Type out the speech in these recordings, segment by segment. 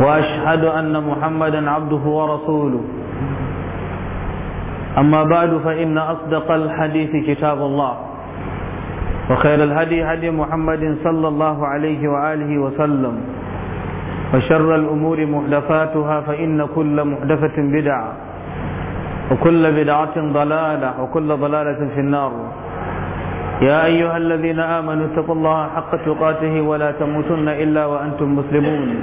واشهد ان محمدا عبده ورسوله اما بعد فان اصدق الحديث كتاب الله وخير الهدي هدي محمد صلى الله عليه واله وسلم وشر الامور محدثاتها فان كل محدثه بدعه وكل بدعه ضلاله وكل ضلاله في النار يا ايها الذين امنوا اتقوا الله حق تقاته ولا تموتن الا وانتم مسلمون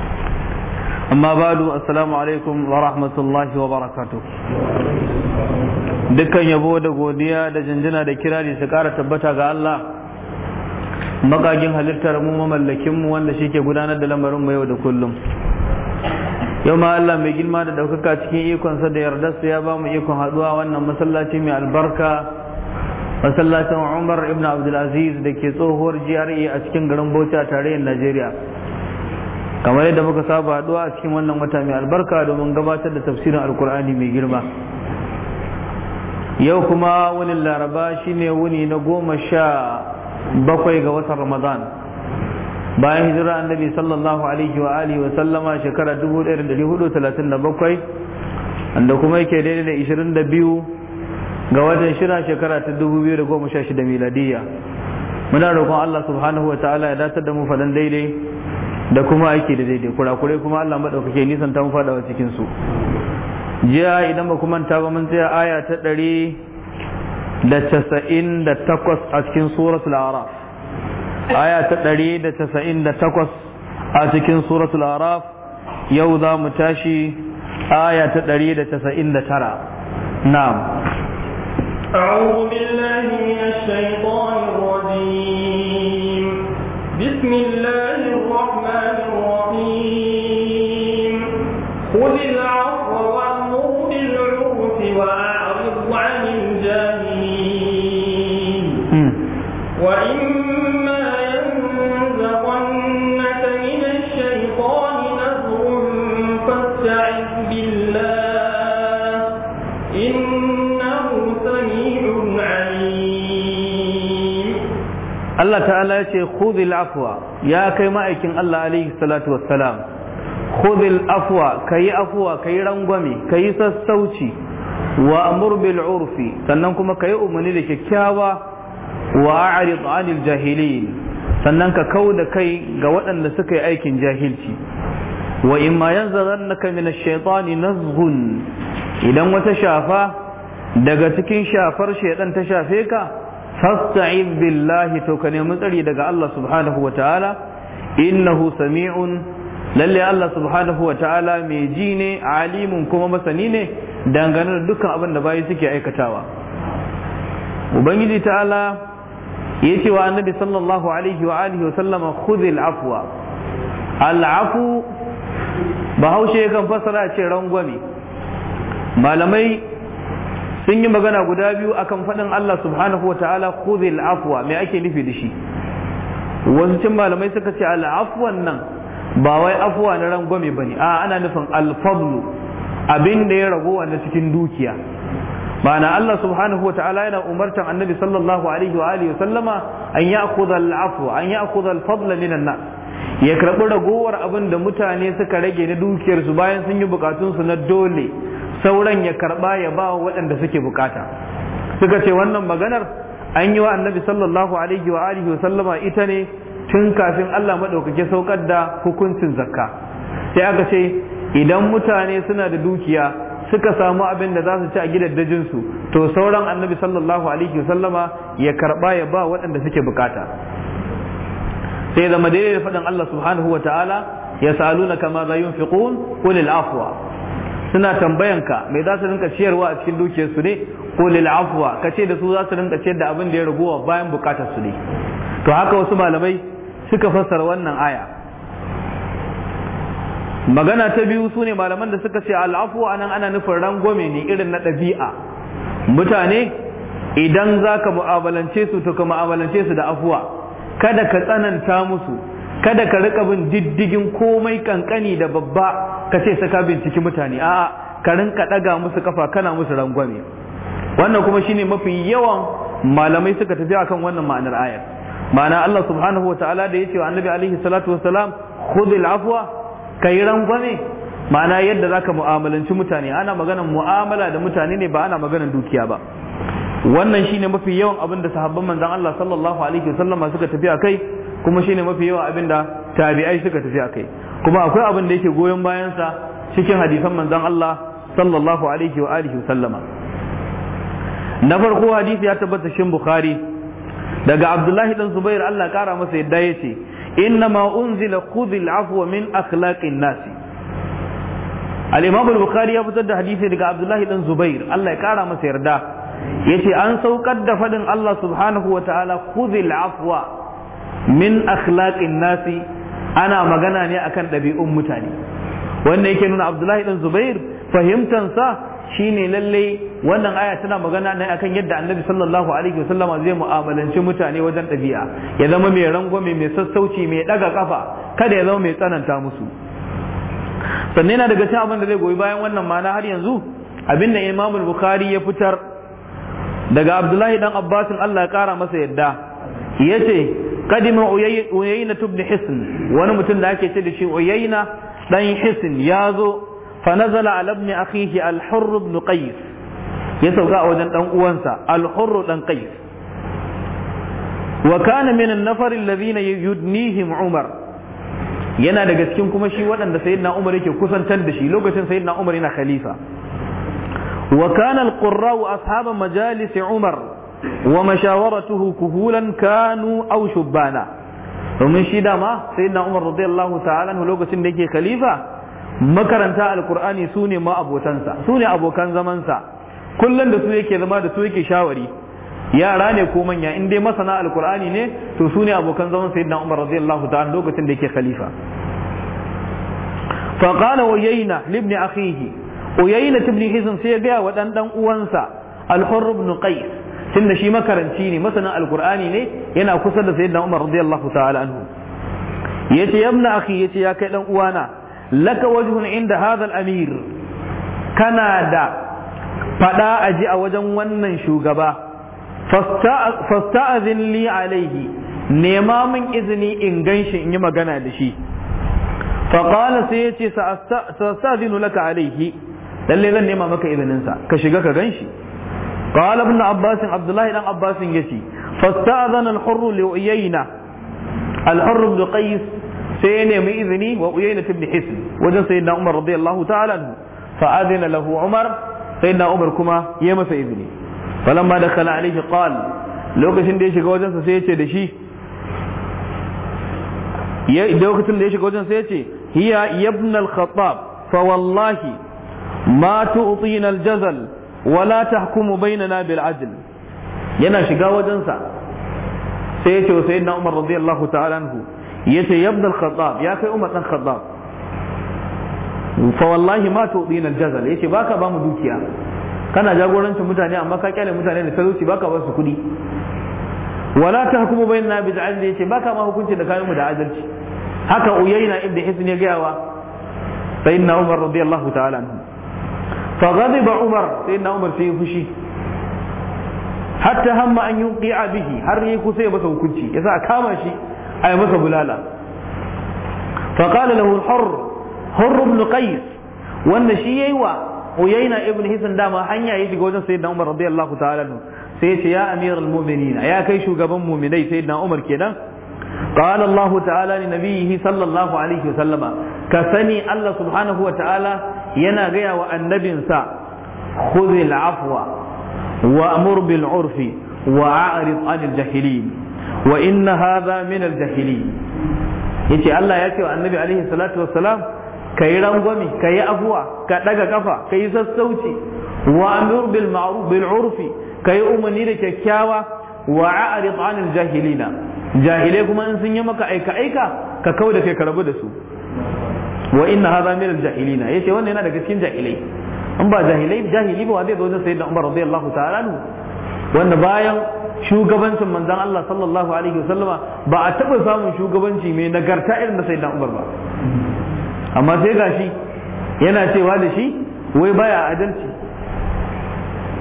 amma badu assalamu alaikum wa rahmatullahi wa barakatuh dukkan yabo da godiya da jinjina da kirari su kara tabbata ga Allah makagin halittar mu mamallakin mu wanda shi gudanar da lamarin mu yau da kullum yau ma Allah mai girma da daukaka cikin ikonsa da yardar sa ya ba mu ikon haduwa wannan masallaci mai albarka masallacin Umar ibn aziz da ke tsohuwar GRA a cikin garin Bauchi a tarayyar Najeriya kamar yadda muka saba haduwa a cikin wannan wata mai albarka domin gabatar da tafsirin alkur'ani mai girma yau kuma wani laraba shine wuni na goma sha bakwai ga watan ramadan bayan hijira annabi sallallahu alaihi wa alihi wa sallama shekara 1437 wanda kuma yake daidai da 22 ga watan shira shekara ta 2016 miladiyya muna roƙon Allah subhanahu wa ta'ala ya datar da mu fadan daidai da kuma aiki da daidai kurakurai kuma Allah maɗaukake nisan ta mu faɗawa cikinsu. jiya idan ba kuma ta ba mun tsaya aya ta ɗari da casa'in da takwas a cikin suratul araf aya ta ɗari da casa'in da takwas a cikin suratul araf yau za mu tashi aya ta ɗari da casa'in da tara na'am أعوذ بالله من الشيطان الرجيم بسم الله Allah ta'ala ya ce khudhil afwa ya kai ma'aikin Allah alaihi salatu wassalam khudhil afwa kayi afwa kayi rangwame kayi sassauci wa amur bil urfi sannan kuma kayi umarni da kyakkyawa wa a'rid 'anil jahilin sannan ka kau da kai ga waɗanda suka yi aikin jahilci wa in ma yanzaghannaka min ash-shaytani nazghun idan wata shafa daga cikin shafar shaidan ta shafe ka fasta'in billahi to ka daga Allah subhanahu wa ta'ala innahu sami'un lalle Allah subhanahu wa ta'ala mai ji ne alimun kuma masani ne dangane da dukkan abinda da suke aikatawa ubangiji ta'ala ya ce wa annabi sallallahu alaihi wa alihi wa afwa al'afu bahaushe yakan fassara ce rangwame malamai sun yi magana guda biyu akan faɗin Allah subhanahu wa ta'ala khudhil afwa me ake nufi da shi wasu cin malamai suka ce al'afwan nan ba wai afwa na rangwame ne. a ana nufin alfablu, abin da ya rago wanda cikin dukiya ma'ana Allah subhanahu wa ta'ala yana umartan annabi sallallahu alaihi wa alihi sallama an ya'khudha al-afwa an ya'khudha al-fadla min an ya karɓi ragowar abin da mutane suka rage na dukiyarsu bayan sun yi bukatunsu na dole sauran ya karba ya ba wa waɗanda suke bukata suka ce wannan maganar an yi wa annabi sallallahu alaihi wa alihi wa sallama ita ne tun kafin Allah maɗaukake saukar da hukuncin zakka sai aka ce idan mutane suna da dukiya suka samu abin da za su ci a gidaddajinsu to sauran annabi sallallahu alaihi wa sallama ya karba ya ba waɗanda suke bukata sai zama daidai da faɗin Allah subhanahu wa ta'ala ya sa'aluna kama za yunfiqun qul al-afwa suna tambayanka mai za su rinka ciyarwa a cikin dukiyarsu ne ko lil ka ce da su za su rinka ciyar da abin da ya raguwa bayan bukatar su ne to haka wasu malamai suka fassara wannan aya magana ta biyu sune malaman da suka ce al'afwa anan ana nufin rangwame ne irin na ɗabi'a mutane idan za ka mu'amalance su to ka mu'amalance su da afuwa kada ka tsananta musu kada ka rika bin diddigin komai kankani da babba ka ce sai binciki mutane a'a ka rinka daga musu kafa kana musu rangwame wannan kuma shine mafi yawan malamai suka tafi akan wannan ma'anar ayar ma'ana Allah subhanahu wa ta'ala da yace wa annabi alaihi salatu wassalam khudil afwa kai rangwame ma'ana yadda zaka mu'amalanci mutane ana maganar mu'amala da mutane ne ba ana maganar dukiya ba wannan shine mafi yawan abin da sahabban manzon Allah sallallahu alaihi sallama suka tafi akai kuma shine mafi yawan abin da tabi'ai suka tafi akai kuma akwai abin da yake goyon bayansa cikin hadisan manzon Allah sallallahu alaihi wa alihi sallama na farko hadisi ya tabbata shin bukhari daga abdullahi dan zubair Allah kara masa yadda yace inna ma unzila khudhil afwa min akhlaqin nasi al-imam al-bukhari ya fitar da hadisi daga abdullahi dan zubair Allah ya kara masa yarda yace an saukar da fadin Allah subhanahu wa ta'ala khudhil afwa min akhlaqin nasi ana magana ne akan ɗabi'un mutane wanda yake nuna abdullahi dan zubair fahimtansa shine lallai wannan aya tana magana ne akan yadda annabi sallallahu alaihi wasallama zai mu'amalanci mutane wajen ɗabi'a ya zama mai rangwame mai sassauci mai ɗaga kafa kada ya zama mai tsananta musu sannan yana daga cikin abin da zai goyi bayan wannan ma'ana har yanzu abinda imamu bukhari ya fitar daga abdullahi dan abbasin allah ya kara masa yadda ya ce kadima uyayna ibn hisn wani mutum da ake ce da shi uyayna ɗan hisin ya zo fa nazala ala ibn akhihi ya sauka a wajen ɗan uwansa al-hurr dan qais wa kana min an-nafar alladhina umar yana daga cikin kuma shi waɗanda sayyidina umar yake kusantar da shi lokacin sayyidina umar yana khalifa wa kana al-qurra ashabu umar wa mashawaratuhu kuhulan kanu aw shubbana domin shi dama sai na Umar radiyallahu lokacin da yake khalifa makaranta alqur'ani su ne abokan zamansa kullum da su yake zama da su yake shawari yara ne ko manya in dai masana alqur'ani ne to su ne abokan zaman sayyidina Umar radiyallahu ta'ala lokacin da yake khalifa fa qala uyayna libni akhihi uyayna ibn hizm sai ya ga wa dan dan uwansa al-hurr Tun da shi makaranci ne masanin alkur'ani ne yana kusa da sayyidina Umar radiyallahu ta'ala anhu yace yabna akhi yace ya kai dan uwana laka wajhun inda hadha al-amir kana da fada aji a wajen wannan shugaba fasta'azin li alaihi nema min izini in ganshi in yi magana da shi faqala sai yace sa'astazinu laka alaihi lalle zan nema maka izininsa ka shiga ka ganshi qala ibn abbas abdullahi dan abbas yace fasta'adhana al-hurr li uyayna al-hurr ibn qais sai ya nemi izini wa uyayna ibn hisn wajen sayyidina umar radiyallahu ta'ala fa adina lahu umar sayyidina umar kuma ya masa izini falamma dakhala alayhi qala lokacin da ya shiga wajensa sai ya da shi lokacin da ya shiga wajensa ya ce hiya yabnal khattab fa wallahi ma tu'tina al-jazal wala tahkumu bainana bil adl yana shiga wajensa sai yace wa sayyidina Umar radiyallahu ta'ala anhu yace yabda al-khattab ya kai Umar dan khattab fa wallahi ma tudina al-jazal yace baka ba mu dukiya kana jagorancin mutane amma ka kyale mutane da talauci baka ba su kudi wala tahkumu bainana bil adl yace baka ma hukunci da kayan mu da adalci haka uyaina ibn hisn ya gaya wa sayyidina Umar radiyallahu ta'ala anhu fa ghadiba umar sai na umar sai ya fushi hatta hamma an yunqi'a bihi har yi kusa ya masa hukunci yasa a kama shi a yi masa bulala fa qala lahu al wanda shi yayi wa uyaina ibn hisan dama hanya ya shiga wajen sayyidina umar radiyallahu ta'ala sai ce ya amiral mu'minina ya kai shugaban mu'minai sayyidina umar kenan قال الله تعالى لنبيه صلى الله عليه وسلم كسني الله سبحانه وتعالى yana gaya wa annabinsa khudhil afwa wa amur bil urfi wa a'rid anil jahilin wa inna hadha min al jahilin yace Allah ya ce wa annabi alaihi salatu wassalam kai rangwami kai afuwa ka daga kafa kai sassauci wa amur bil ma'ruf bil urfi kai umarni da kyakkyawa wa a'rid anil jahilina jahilai kuma in sun yi maka aika aika ka kauda kai ka rabu da su wa inna hadha min al-jahilina yace wannan yana daga cikin jahilai in ba jahilai jahili ba zai zo wajen sayyidina Umar radiyallahu ta'ala anhu wanda bayan shugabancin manzon Allah sallallahu alaihi wasallama ba a taɓa samun shugabanci mai nagarta irin da sayyidina Umar ba amma sai gashi yana cewa da shi wai baya adalci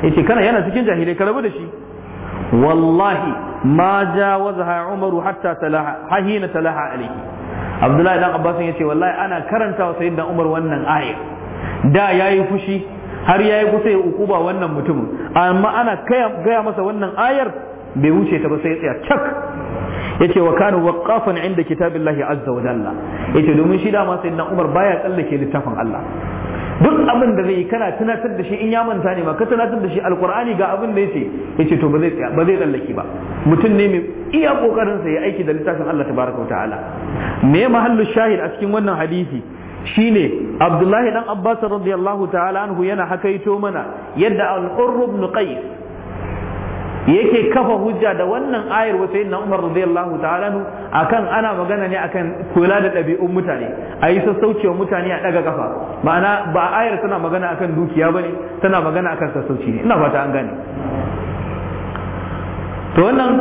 yace kana yana cikin jahilai ka rabu da shi wallahi ma jawazaha Umaru hatta talaha hahina talaha alaihi abdullahi dan abbas ya ce wallahi ana karanta wa sayyidina umar wannan aya da ya yi fushi har yayi kusa ya ukuba wannan mutumin amma ana gaya masa wannan ayar bai wuce ta ba sai ya tsaya cak ce wa wa waqafan inda kitabillahi azza wa jalla ce domin shi da ma sayyidina umar baya tsallake littafin Allah duk abin da zai yi kana tunatar da shi in ya manta ne ma ka tunatar da shi alkur'ani ga abin da yace yace to ba zai ba zai tsallake ba mutum ne mai iya kokarin sa ya aiki da littafin Allah tabaraka ta'ala me mahallu shahid a cikin wannan hadisi shine Abdullahi dan Abbas radiyallahu ta'ala anhu yana hakaito mana yadda al-Hurr ibn Qais yake kafa hujja da wannan ayar wa sayyidina Umar radiyallahu ta'ala nu akan ana magana ne akan kula da ɗabi'un mutane ayi sassaucewa mutane a daga kafa ma'ana ba ayar tana magana akan dukiya bane tana magana akan sassauci ne ina fata an gane to wannan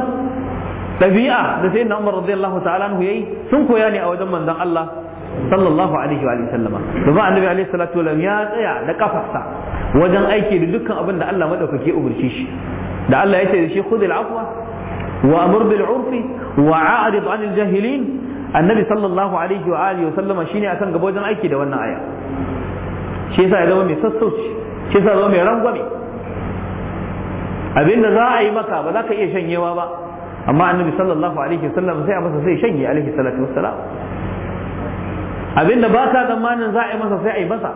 ɗabi'a da sayyidina Umar radiyallahu ta'ala nu yayi sun koya ne a wajen manzon Allah sallallahu alaihi wa sallama domin annabi alaihi salatu wa ya tsaya da kafarsa wajen aiki da dukkan abin da Allah madaukake umurce shi da Allah ya ce da shi khudil afwa wa amur bil urfi wa a'rid anil jahilin annabi sallallahu alaihi wa alihi wa sallama shine akan gaba wajen aiki da wannan aya shi yasa ya zama mai sassauci shi yasa zama mai rangwame abinda za a yi maka ba za ka iya shanyewa ba amma annabi sallallahu alaihi wa sallam sai a masa sai shanye alaihi salatu wassalam abinda ba ka zamanin za a yi masa sai a yi masa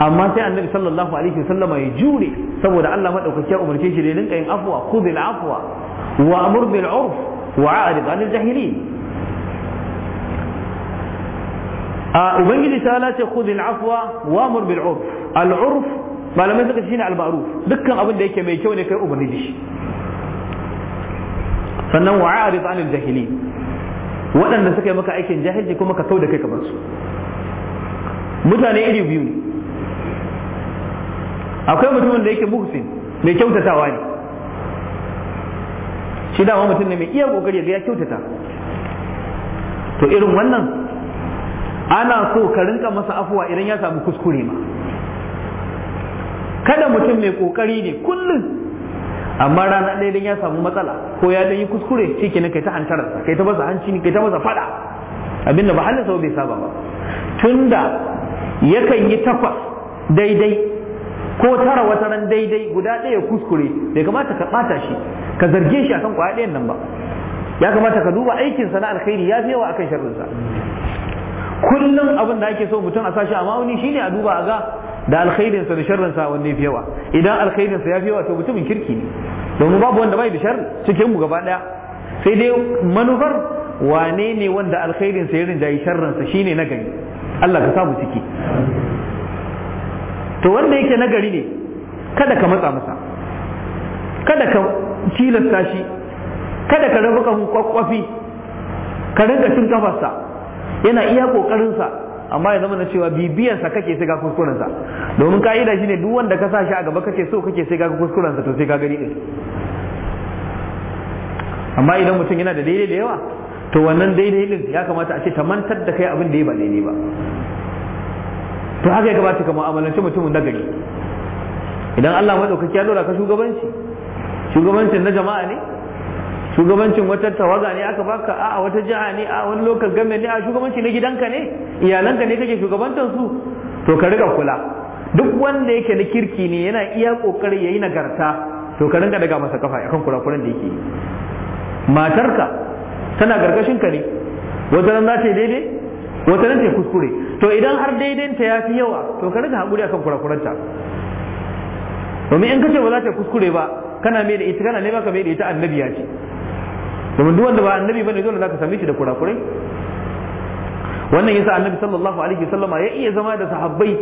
amma sai annabi sallallahu alaihi wasallama ya jure saboda Allah madaukaki ya umarce shi da rinka yin afwa khudil afwa wa amur bil urf wa a'rid anil jahilin a ubangiji ta ce khudil afwa wa amur bil urf al urf malamai suka shine al ma'ruf dukkan abin da yake mai kyau ne kai umarni shi sannan wa a'rid anil jahilin waɗanda suka yi maka aikin jahilci kuma ka kau kai kamar su mutane iri biyu ne akwai mutumin da yake muhsin mai kyautatawa ne shi dama mutum ne mai iya kokari ga ya kyautata to irin wannan ana so ka rinka masa afuwa idan ya samu kuskure ma kada mutum mai kokari ne kullum amma rana ɗaya idan ya samu matsala ko ya dan yi kuskure shi ke kai ta hantararsa kai ta masa hanci kai ta masa fada abinda ba halin bai saba ba tunda yakan yi takwas daidai ko tara wata ran daidai guda ɗaya kuskure bai kamata ka ɓata shi ka zarge shi akan kwaya ɗayan nan ba ya kamata ka duba aikinsa na alkhairi ya fi yawa akan sharrinsa kullum abin da ake so mutum a sashi a ma'auni shine a duba a ga da alkhairinsa da sharrinsa wanne fi yawa idan alkhairinsa ya fi yawa to mutumin kirki ne domin babu wanda bai da sharri cikin mu gaba ɗaya sai dai manufar wane ne wanda alkhairinsa ya rinjayi sharrinsa shine na gani Allah ka samu ciki to wanda yake nagari ne kada ka matsa masa kada ka tilasta shi kada ka rabu kan kwakwafi ka rinka cin kafarsa yana iya kokarinsa amma ya zama na cewa bibiyansa kake sai ga kuskurensa domin ka'ida shine duk wanda ka sa shi a gaba kake so kake sai ga kuskurensa to sai ka gani din amma idan mutum yana da daidai da yawa to wannan daidai din ya kamata a ce ta mantar da kai abin da ya ba daidai ba to haka ya gabata ka mu'amalanci mutumin nagari idan Allah madaukaki ya dora ka shugabanci shugabancin na jama'a ne shugabancin wata tawaga ne aka baka a wata jiha ne a wani lokacin game ne a shugabanci na gidanka ne iyalanka ne kake shugabantar su to ka riga kula duk wanda yake na kirki ne yana iya kokari yayi nagarta to ka rinka daga masa kafa akan kurakuran da yake matarka tana gargashin ka ne wata nan za ta yi daidai wata nan ta kuskure to idan har daidainta ya fi yawa to ka riga hakuri akan kurakuranta domin in kace ba za ta kuskure ba kana mai da ita kana ne baka mai da ita annabi ya ce domin duk wanda ba annabi bane dole zaka same shi da kurakurai wannan yasa annabi sallallahu alaihi wasallama ya iya zama da sahabbai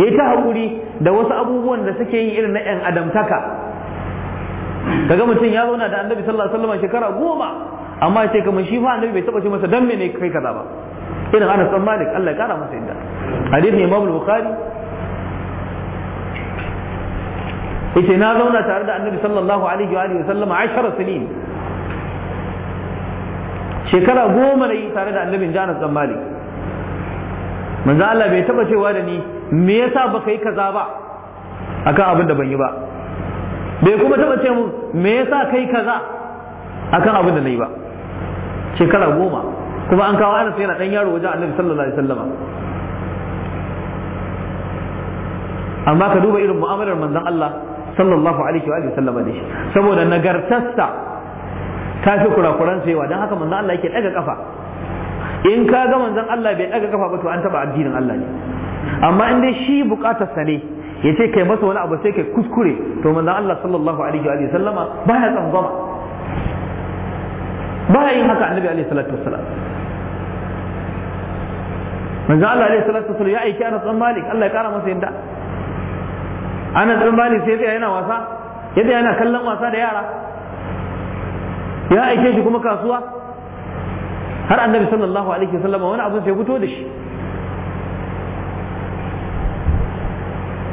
ya yi ta hakuri da wasu abubuwan da suke yi irin na yan adamtaka kaga mutum ya zauna da annabi sallallahu alaihi wasallama shekara goma amma ya ce kamar shi fa annabi bai taba ce masa dan me ne kai kaza ba irin ana bin Malik Allah ya kara masa yadda hadisin Imam Bukhari yace na zauna tare da Annabi sallallahu alaihi wa alihi sallama 10 sinin shekara goma nayi tare da annabin Anas bin Malik manzo Allah bai taba cewa da ni me yasa baka yi kaza ba akan abin da ban yi ba bai kuma taba ce mun me yasa kai kaza akan abin da nayi ba shekara goma kuma an kawo anas yana dan yaro wajen annabi sallallahu alaihi wasallama amma ka duba irin mu'amalar manzon Allah sallallahu alaihi wa sallam. da shi saboda nagartarsa ta fi kurakuran yawa dan haka manzon Allah yake daga kafa in ka ga manzon Allah bai daga kafa ba to an taba addinin Allah ne amma in dai shi bukatarsa ne ya ce kai masa wani abu sai kai kuskure to manzon Allah sallallahu alaihi wa sallama baya tsangwama baya yin haka annabi alaihi salatu wassalam manzo Allah alaihi salatu wasallam ya aiki Anas bin Malik Allah ya kara masa yadda Anas bin Malik sai ya yana wasa ya yana kallon wasa da yara ya aike shi kuma kasuwa har annabi sallallahu alaihi wasallam wani abu sai fito da shi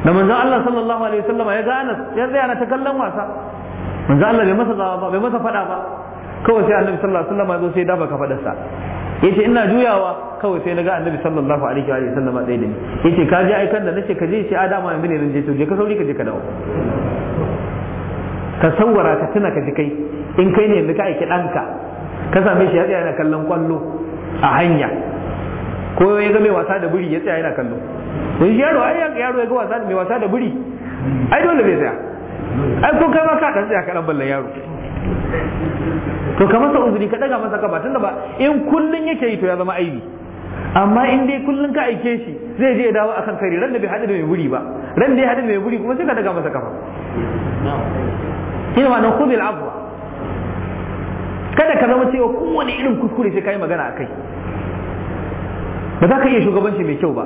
da manzon Allah sallallahu alaihi wasallam ya ga Anas ya tsaya ta kallon wasa manzon Allah bai masa zawa ba bai masa fada ba kawai sai annabi sallallahu alaihi wasallam ya zo sai dafa kafadarsa yace ina juyawa kawai sai naga annabi sallallahu alaihi wa sallama ɗaya da ni yace ka je aikan da nace ka je ce adama dama yanzu ne zan je to je ka sauri ka je ka dawo ka sawara ka tuna ka ji kai in kai ne yanzu ka aiki ɗanka ka same shi ya tsaya yana kallon kwallo a hanya ko ya ga mai wasa da buri ya tsaya yana kallo to shi yaro ai yaro ya ga wasa da mai wasa da buri ai dole bai tsaya ai ko kai ma ka dan tsaya ka dan ballan yaro to ka masa uzuri ka daga masa kafa tunda ba in kullun yake yi to ya zama aibi amma in dai kullum ka aike shi zai je dawo akan kare ran da bai haɗu da mai wuri ba ran da ya haɗu da mai wuri kuma sai ka daga masa kafa ina ma nan khudil afwa kada ka zama cewa kowane irin kuskure sai kai magana akai ba za ka iya shugabanci mai kyau ba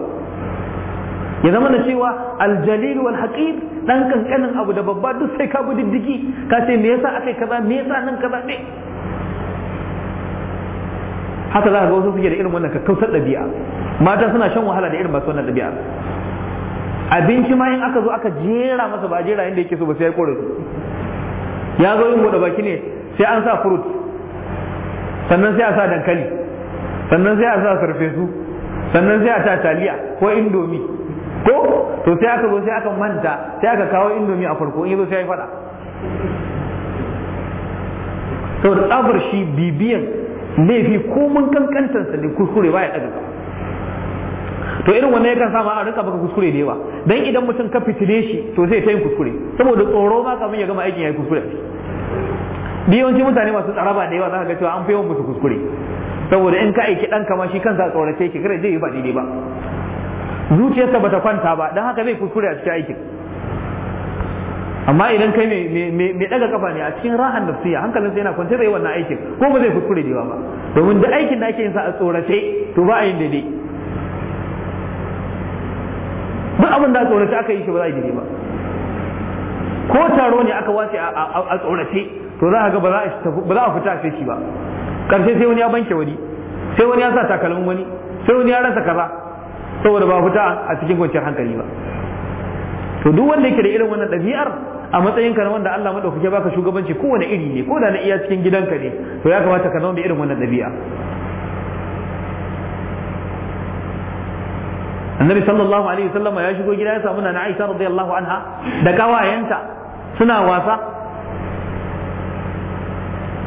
ya zama da cewa aljalil wal haqir dan kankanin abu da babba duk sai ka bi diddigi ka ce me yasa akai kaza me yasa nan kaza ne haka za ka ga wasu suke da irin wannan kakkausar ɗabi'a mata suna shan wahala da irin masu wannan ɗabi'a abinci ma in aka zo aka jera masa ba jera inda yake so ba sai ya kore ya zo yin buɗe baki ne sai an sa fruit sannan sai a sa dankali sannan sai a sa sarfesu sannan sai a sa taliya ko indomi ko to sai aka zo sai aka manta sai aka kawo indomi a farko in zo sai ya faɗa to da tsabar shi bibiyan laifi ko mun kankantar sa ne kuskure baya daga to irin wannan yakan sa ma a rinka baka kuskure da yawa dan idan mutum ka fitile shi to zai ta yin kuskure saboda tsoro ma kamin ya gama aikin ya yi kuskure da yawanci mutane masu tsaraba da yawa za ka ga cewa an fi yawan musu kuskure saboda in ka aiki ɗan kama shi kansa a tsorace shi kare zai yi ba daidai ba zuciyarsa ba ta kwanta ba don haka zai kuskure a cikin aikin amma idan kai mai daga kafa ne a cikin rahan nafsiya hankalin sai yana kwance zai wannan aikin ko ba zai kuskure da ba domin da aikin da ake yin sa a tsorace to ba a yin daidai duk abin da a tsorace aka yi shi ba za a yi daidai ba ko taro ne aka wace a tsorace to za a ga ba za a fita a shi ba karshe sai wani ya banke wani sai wani ya sa takalmin wani sai wani ya rasa kaza saboda ba a fita a cikin kwanciyar hankali ba to duk wanda yake da irin wannan ɗabi'ar a matsayin ka na wanda Allah madaukake baka shugabanci kowane iri ne ko da na iya cikin gidanka ne to ya kamata ka zama da irin wannan ɗabi'a annabi sallallahu alaihi wasallam ya shigo gida ya samu nana Aisha radiyallahu anha da kawayenta suna wasa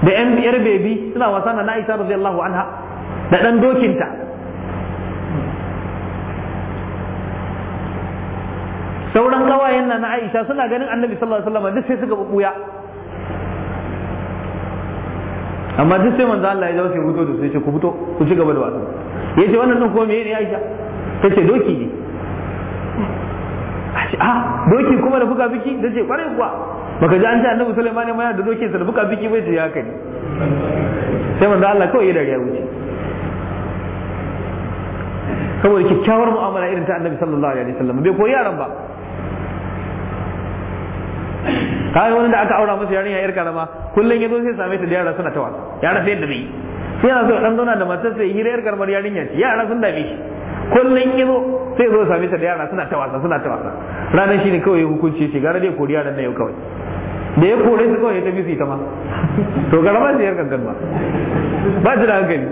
da yan yar bebi suna wasa na Aisha radiyallahu anha da dan dokinta sauran kawayen na Aisha suna ganin annabi sallallahu alaihi wasallam duk sai suka buya amma duk sai manzo Allah ya zo sai fito da su ku fito ku ci gaba da wasu yace wannan din ko me ne Aisha tace doki ne a ah, doki kuma da buka biki Da ce kwarai kuwa baka ji an ce annabi Sulaiman ne ma yana da doki sa da buka biki bai ce ya kai sai manzo Allah kawai ya dariya wuce saboda kyakkyawar mu'amala irin ta annabi sallallahu alaihi wasallam bai koyi yaran ba kai wani da aka aura masa yarinya yar karama kullun yazo sai same ta da yara suna tawa yara sai da zai sai yana so dan zauna da matar sai hira karama yarinya ce yara sun dame shi kullun yazo sai zo same ta da yara suna tawa suna tawa ranan shine kawai ya hukunci ce gara dai koriya nan yau kawai da ya kore su kawai ya tafi su ita ma to karama sai yar kankan ba ba ta da hankali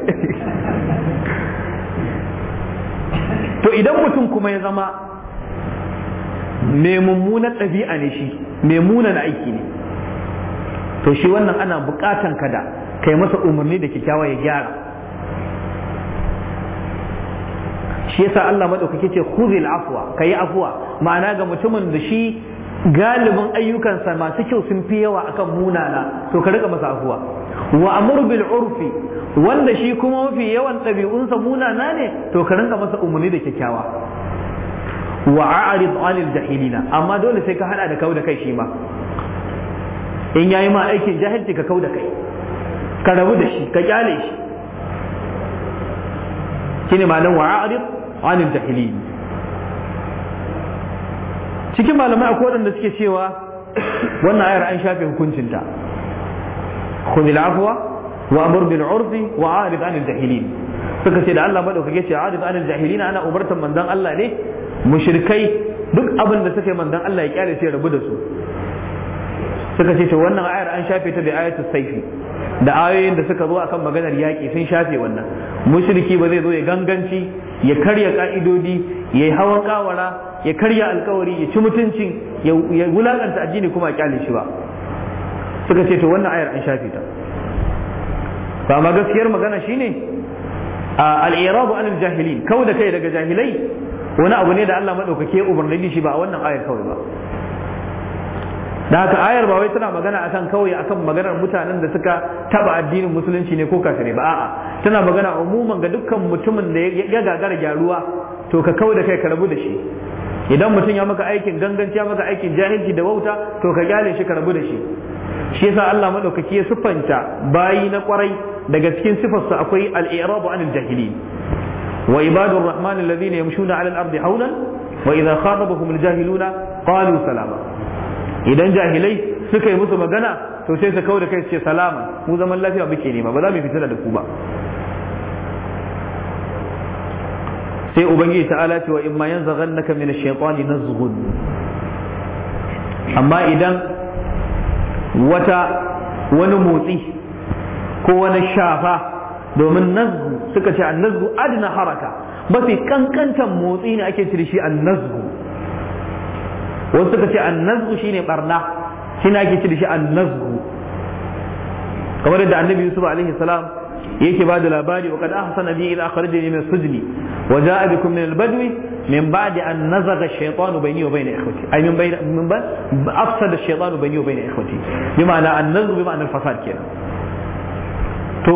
to idan mutum kuma ya zama mai mummunar ɗabi'a ne shi mai munan aiki ne to shi wannan ana bukatan ka da kai masa umarni da kyakkyawa ya gyara shi yasa Allah madaukake ce khuzil afwa kai afwa ma'ana ga mutumin da shi galibin ayyukansa masu kyau sun fi yawa akan munana to ka rika masa afuwa wa amru bil urfi wanda shi kuma mafi yawan ɗabi'unsa munana ne to ka rinka masa umarni da kyakkyawa wa a'rid anil jahilina amma dole sai ka hada da kau da kai shi ma in yayi ma aikin jahilci ka kau da kai ka rabu da shi ka kyale shi shine malam wa a'rid anil jahilin cikin malamai akwai waɗanda suke cewa wannan ayar an shafe hukuncinta khudil afwa wa amur bil urfi wa a'rid anil jahilin suka ce da Allah madaukake ce a'rid anil jahilin ana umartan manzon Allah ne mushirkai duk abin da suka yi manzon Allah ya kyale sai rabu da su suka ce wannan ayar an shafe ta da ayatul saifi da ayoyin da suka zo akan maganar yaƙi sun shafe wannan mushriki ba zai zo ya ganganci ya karya ka'idodi ya yi hawan kawara ya karya alkawari ya ci mutuncin ya wulakanta addini kuma a kyale shi ba suka ce to wannan ayar an shafe ta ba ma gaskiyar magana shine al-i'rabu anil jahilin kau da kai daga jahilai wani abu ne da Allah madaukake ya umarni shi ba wannan ayar kawai ba da haka ayar ba wai tana magana akan kawai akan maganar mutanen da suka taba addinin musulunci ne ko kafire ba a'a tana magana umuman ga dukkan mutumin da ya gagara gyaruwa to ka kawai da kai ka rabu da shi idan mutum ya maka aikin ganganci ya maka aikin jahilci da wauta to ka gyale shi ka rabu da shi shi yasa Allah madaukaki ya sufanta bayi na kwarai daga cikin sifarsa akwai al-i'rabu anil jahili وعباد الرحمن الذين يمشون على الأرض حولا وإذا خاطبهم الجاهلون قالوا سلاما إذا جاهلي سكي musu magana to sai su kawo kai ce salama mu zaman lafiya muke nema ba za mu fitina da ku ba sai ubangiji ta'ala ce wa imma na min ash amma idan wata wani motsi ko wani shafa domin nazgu suka ce annazgu adna haraka mafi kankantan motsi ne ake cire shi annazgu wasu suka ce annazgu shine barna shine ake cire shi annazgu kamar yadda annabi yusuf alaihi salam yake ba da labari wa kad ahsana bi ila akhrajani min sujni wa jaa bikum min al-badwi min ba'di an nazaga ash-shaytanu bayni wa bayna ikhwati ay min bayna min ba'd afsada ash-shaytanu bayni wa na ikhwati bi ma'ana an-nazg bi ma'ana al kenan to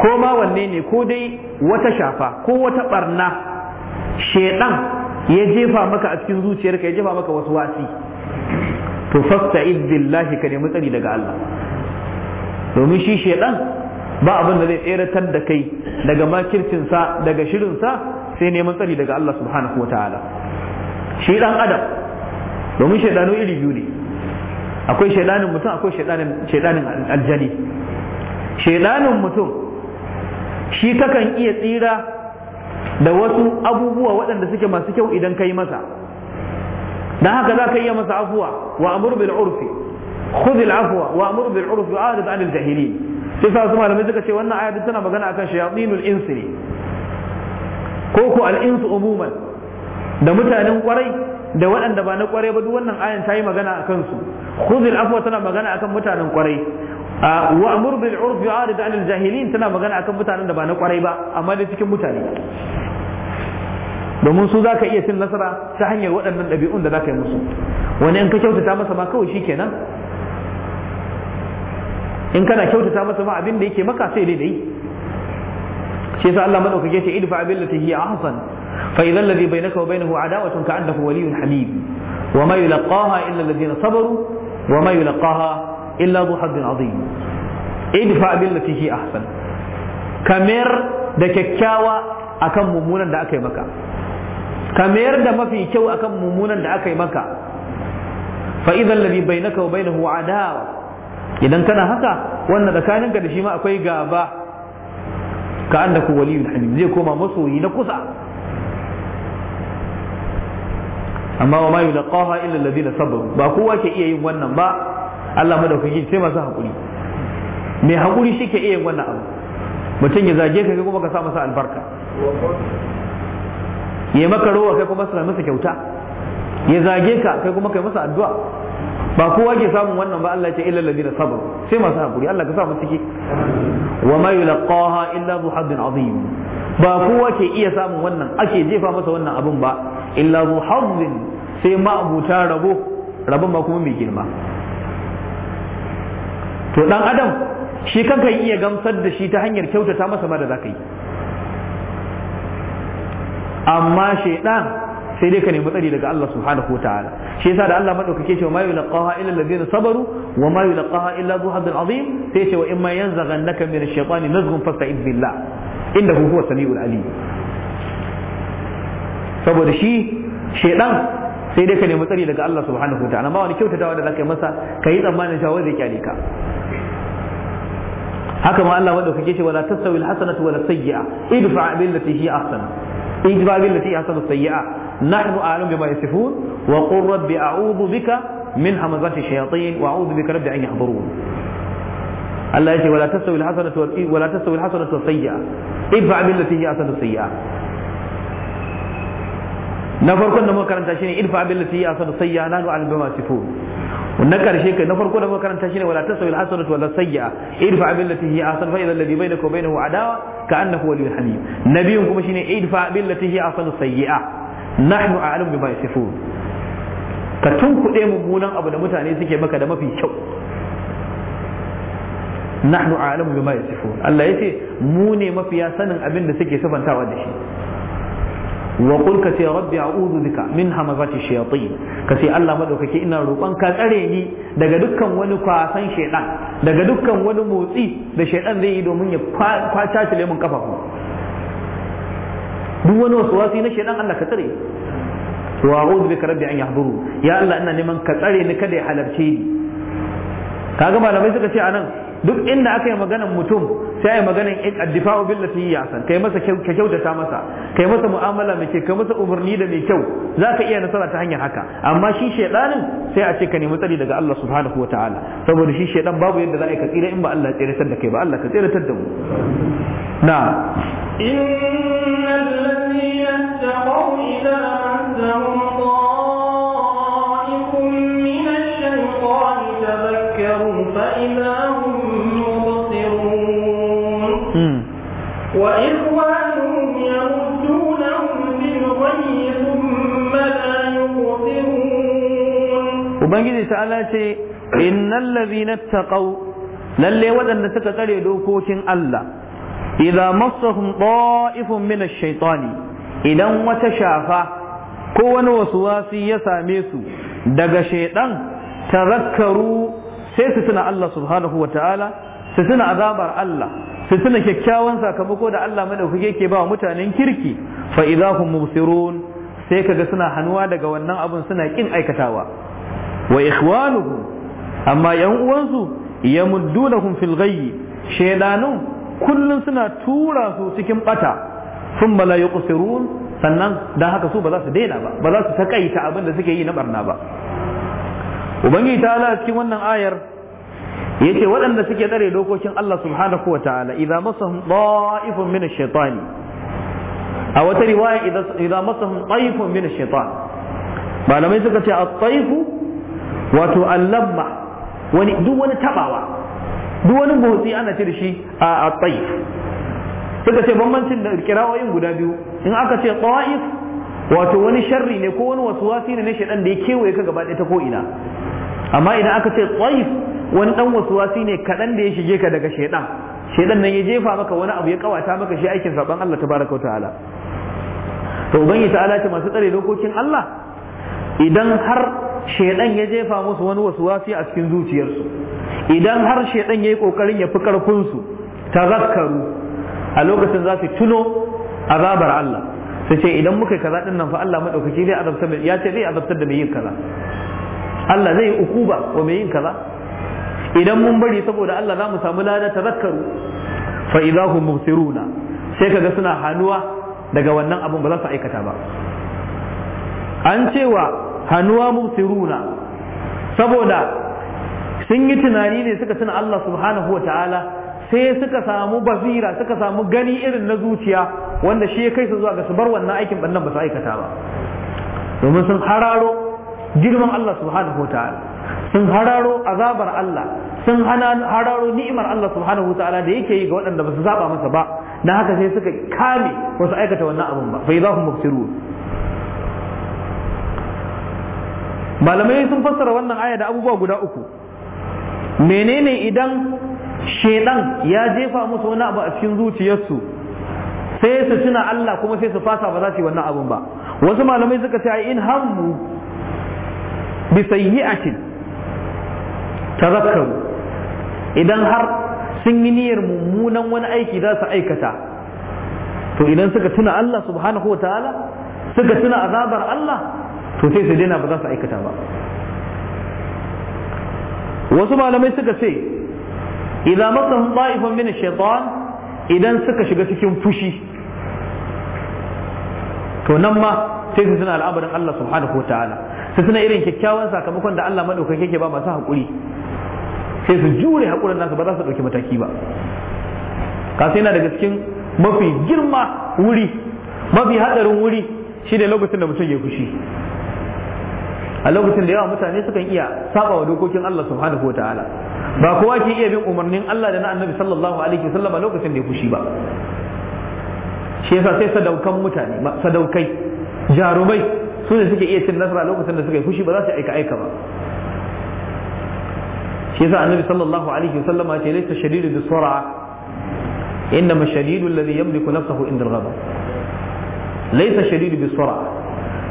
ko ma wanne ne ko dai wata shafa ko wata barna shedan ya jefa maka a cikin zuciyarka ya jefa maka wasu wasi to fasta'id billahi ka nemi tsari daga Allah domin shi shedan ba abin da zai tseratar da kai daga makircinsa daga shirinsa sai neman tsari daga Allah subhanahu wa ta'ala shi dan adam domin shedanu iri biyu ne akwai shedanin mutum akwai shedanin aljani shedanin mutum shi kakan iya tsira da wasu abubuwa waɗanda suke masu kyau idan ka yi masa dan haka za ka iya masa afuwa wa amur bil urfi khudh al afwa wa amur bil urfi wa ahrid anil jahilin sai sa su malamai suka ce wannan aya tana magana akan shayatinul insi ne ko ko al insu umuman da mutanen kwarai da waɗanda ba na kwarai ba duk wannan ayan ta yi magana akan su khudh al afwa tana magana akan mutanen kwarai wa'mur bil urf yu'arid 'anil jahilin tana magana akan mutanen da ba na kwarai ba amma da cikin mutane domin su zaka iya cin nasara ta hanyar waɗannan ɗabi'un da zaka yi musu wani in ka kyautata masa ma kawai shikenan in kana kyautata masa ma abin da yake maka sai dai dai shi yasa Allah madaukake ce idfa billati hiya ahsan fa idza alladhi bainaka wa bainahu adawatun ka annahu waliyyun hamid wa ma yulqaha illa alladhina sabaru wa ma yulqaha illa zu haddin azim idfa billati hi ahsan kamar da kyakkyawa akan mummunan da aka yi maka kamar da mafi kyau akan mummunan da aka yi maka fa idan ladhi bainaka wa bainahu adawa idan kana haka wannan tsakaninka da shi ma akwai gaba ka annaku waliyul hamim zai koma masoyi na kusa amma wa ma yulqaha illa alladhina sabaru ba kowa ke iya yin wannan ba Allah madaukaki sai masu haƙuri, mai haƙuri shi ke iya wannan abu mutum ya zage ka kuma ka sa masa albarka ya maka rowa kai kuma sa masa kyauta ya zage ka kai kuma kai masa addu'a ba kowa ke samun wannan ba Allah ya ce illa ladina sabar sai masu haƙuri Allah ka sa masu ciki wa ma yulqaha illa bu haddin azim ba kowa ke iya samun wannan ake jefa masa wannan abun ba illa bu haddin sai ma abuta rabo rabon ba kuma mai girma to dan adam shi kanka iya gamsar da shi ta hanyar kyautata masa ma da zaka yi amma shaidan sai dai ka nemi tsari daga Allah subhanahu wa ta'ala shi yasa da Allah madaukake cewa ma yulqaha illa alladhina sabaru wa ma yulqaha illa dhu hadin azim sai ce wa imma yanzaghannaka min ash-shaytani nazghun fasta'id billah innahu huwa samiul alim saboda shi shaidan sai dai ka nemi tsari daga Allah subhanahu wa ta'ala amma wani kyautatawa da zaka yi masa ka yi tsammanin cewa zai kyale ka haka ma Allah wanda kake ce wala tasawil hasanatu wala sayyi'a idfa billati hi ahsan idfa billati ahsan sayyi'a nahnu a'lamu bima yasifun wa qul rabbi a'udhu bika min hamazati shayatin wa a'udhu bika rabbi an yahdurun Allah ya ce wala tasawil hasanatu wala tasawil hasanatu sayyi'a idfa billati hi ahsan sayyi'a na farkon da muka karanta shine irfa bil lati asad sayya la nu alim ma sifu na karshe kai na farko da muka karanta shine wala tasawi al hasanatu wala sayya irfa bil lati hi asad fa idha alladhi bainaka wa bainahu adawa ka annahu waliyyun hamim nabiyun kuma shine irfa bil lati hi asad sayya nahnu a'lamu bima yasifun ka tunkuɗe mummunan abu da mutane suke maka da mafi kyau nahnu a'lamu bima yasifun Allah yace mu ne mafiya sanin abin da suke sabantawa da shi wa qul ka ce rabbi a'udhu bika min hamazati shayatin ka ce Allah madaukake ina roƙon ka tsare ni daga dukkan wani kwasan shaydan daga dukkan wani motsi da shaydan zai yi domin ya kwata shi kafa kafafu duk wani wasuwasi na shaydan Allah ka tsare wa a'udhu bika rabbi an yahduru ya Allah ina neman ka tsare ni kada ya halarce ni kaga malamai suka ce anan duk inda aka yi maganan mutum sai yi maganan in addifa'u billati yi yasan kai masa ka kyautata masa kai masa mu'amala mai kyau kai masa umarni da mai kyau zaka iya nasara ta hanyar haka amma shi shedanin sai a ce ka nemi tsari daga Allah subhanahu taala saboda shi shedan babu yadda za a yi ka tsira in ba Allah ya tsiratar da kai ba Allah ka tsiratar da mu na ubangiji هم مبصرون وإخوانهم يردونهم في الغي lalle waɗanda suka tsare dokokin Allah idan massahum da'ifun min ash idan wata shafa ko wani wasu wasi ya same su daga shaidan tazakkaru sai su tuna Allah subhanahu wa ta'ala su tuna azabar Allah su tuna kyakkyawan sakamako da Allah madauki ke ba wa mutanen kirki fa idahum mubsirun sai kaga suna hannuwa daga wannan abun suna kin aikatawa wa ikhwanuhum amma yan uwansu yamuddunahum fil ghayyi shaydanun kullun suna tura su cikin bata thumma la yuqsirun sannan dan haka su ba za su daina ba ba za su takaita abin da suke yi na barna ba ubangiji ta ala cikin wannan ayar ya ce waɗanda suke tsare dokokin Allah subhanahu wa ta'ala idza masahum da'ifun min ash-shaytani a wata riwaya idan masahum da'ifun min ash-shaytan malamai suka ce a taifu wato al wani duk wani tabawa duk wani motsi ana ce da shi a at-taif suka ce bambancin da kirawoyin guda biyu in aka ce ta'if wato wani sharri ne ko wani wasuwasi ne na shaidan da ya kewaye ka gaba ɗaya ta koina amma idan aka ce tsayif wani dan wasuwasi ne kaɗan da ya shige ka daga shaidan shaidan nan ya jefa maka wani abu ya kawata maka shi aikin saban Allah ta baraka ta'ala to ubangiji ta'ala ce masu tsare dokokin Allah idan har shaidan ya jefa musu wani wasuwasi a cikin zuciyarsu idan har shaidan ya yi kokarin ya fi karfin ta zakaru a lokacin za su tuno azabar Allah Sace ce idan muka yi kaza din nan fa Allah madaukaki zai azabtar da ya ce zai azabtar da mai yin kaza Allah zai yi ukuba wa mai yin kaza idan mun bari saboda Allah za mu samu lada tazakkaru fa idahum mubsiruna sai kaga suna hanuwa daga wannan abun ba za su aikata ba an cewa hanuwa mubsiruna saboda sun yi tunani ne suka tuna Allah subhanahu wa ta'ala sai suka samu basira suka samu gani irin na zuciya wanda shi ya kai su zuwa ga su bar wannan aikin bannan ba su aikata ba domin sun hararo girman Allah subhanahu wa ta'ala sun hararo azabar Allah sun hararo ni'imar Allah subhanahu wa ta'ala da yake yi ga waɗanda ba su zaba masa ba na haka sai suka kame wasu aikata wannan abin ba fa idahum mubsirun malamai sun fassara wannan aya da abubuwa guda uku menene idan shedan ya jefa musu wani abu a cikin zuciyarsu sai su tuna Allah kuma sai su fasa ba za su yi wannan abun ba wasu malamai suka ce in hammu bi sayyi'atin tazakkaru idan har sun yi niyyar mummunan wani aiki za su aikata to idan suka tuna Allah subhanahu wa ta'ala suka tuna azabar Allah to sai su daina ba za su aikata ba wasu malamai suka ce idan masahum da'ifun min shaitan idan suka shiga cikin fushi to nan ma sai su suna al'amarin Allah subhanahu wataala su suna irin kyakkyawan sakamakon da Allah madaukake yake ba masu hakuri sai su jure hakurin nasu ba za su dauki mataki ba Ka sai yana daga cikin mafi girma wuri mafi hadarin wuri shi ne lokacin da mutum ya fushi a lokacin da yawa mutane sukan iya sabawa dokokin Allah subhanahu wataala ba kowa ke iya bin umarnin Allah da na Annabi sallallahu alaihi wasallam lokacin da ya fushi ba shi yasa sai sadaukan mutane sadaukai jarumai su ne suke iya cin nasara lokacin da suka yi fushi ba za su aika aika ba shi yasa annabi sallallahu alaihi wasallam ya ce laysa shadidu bi sur'a innama shadidu alladhi yamliku nafsahu inda al-ghadab laysa shadidu bi sur'a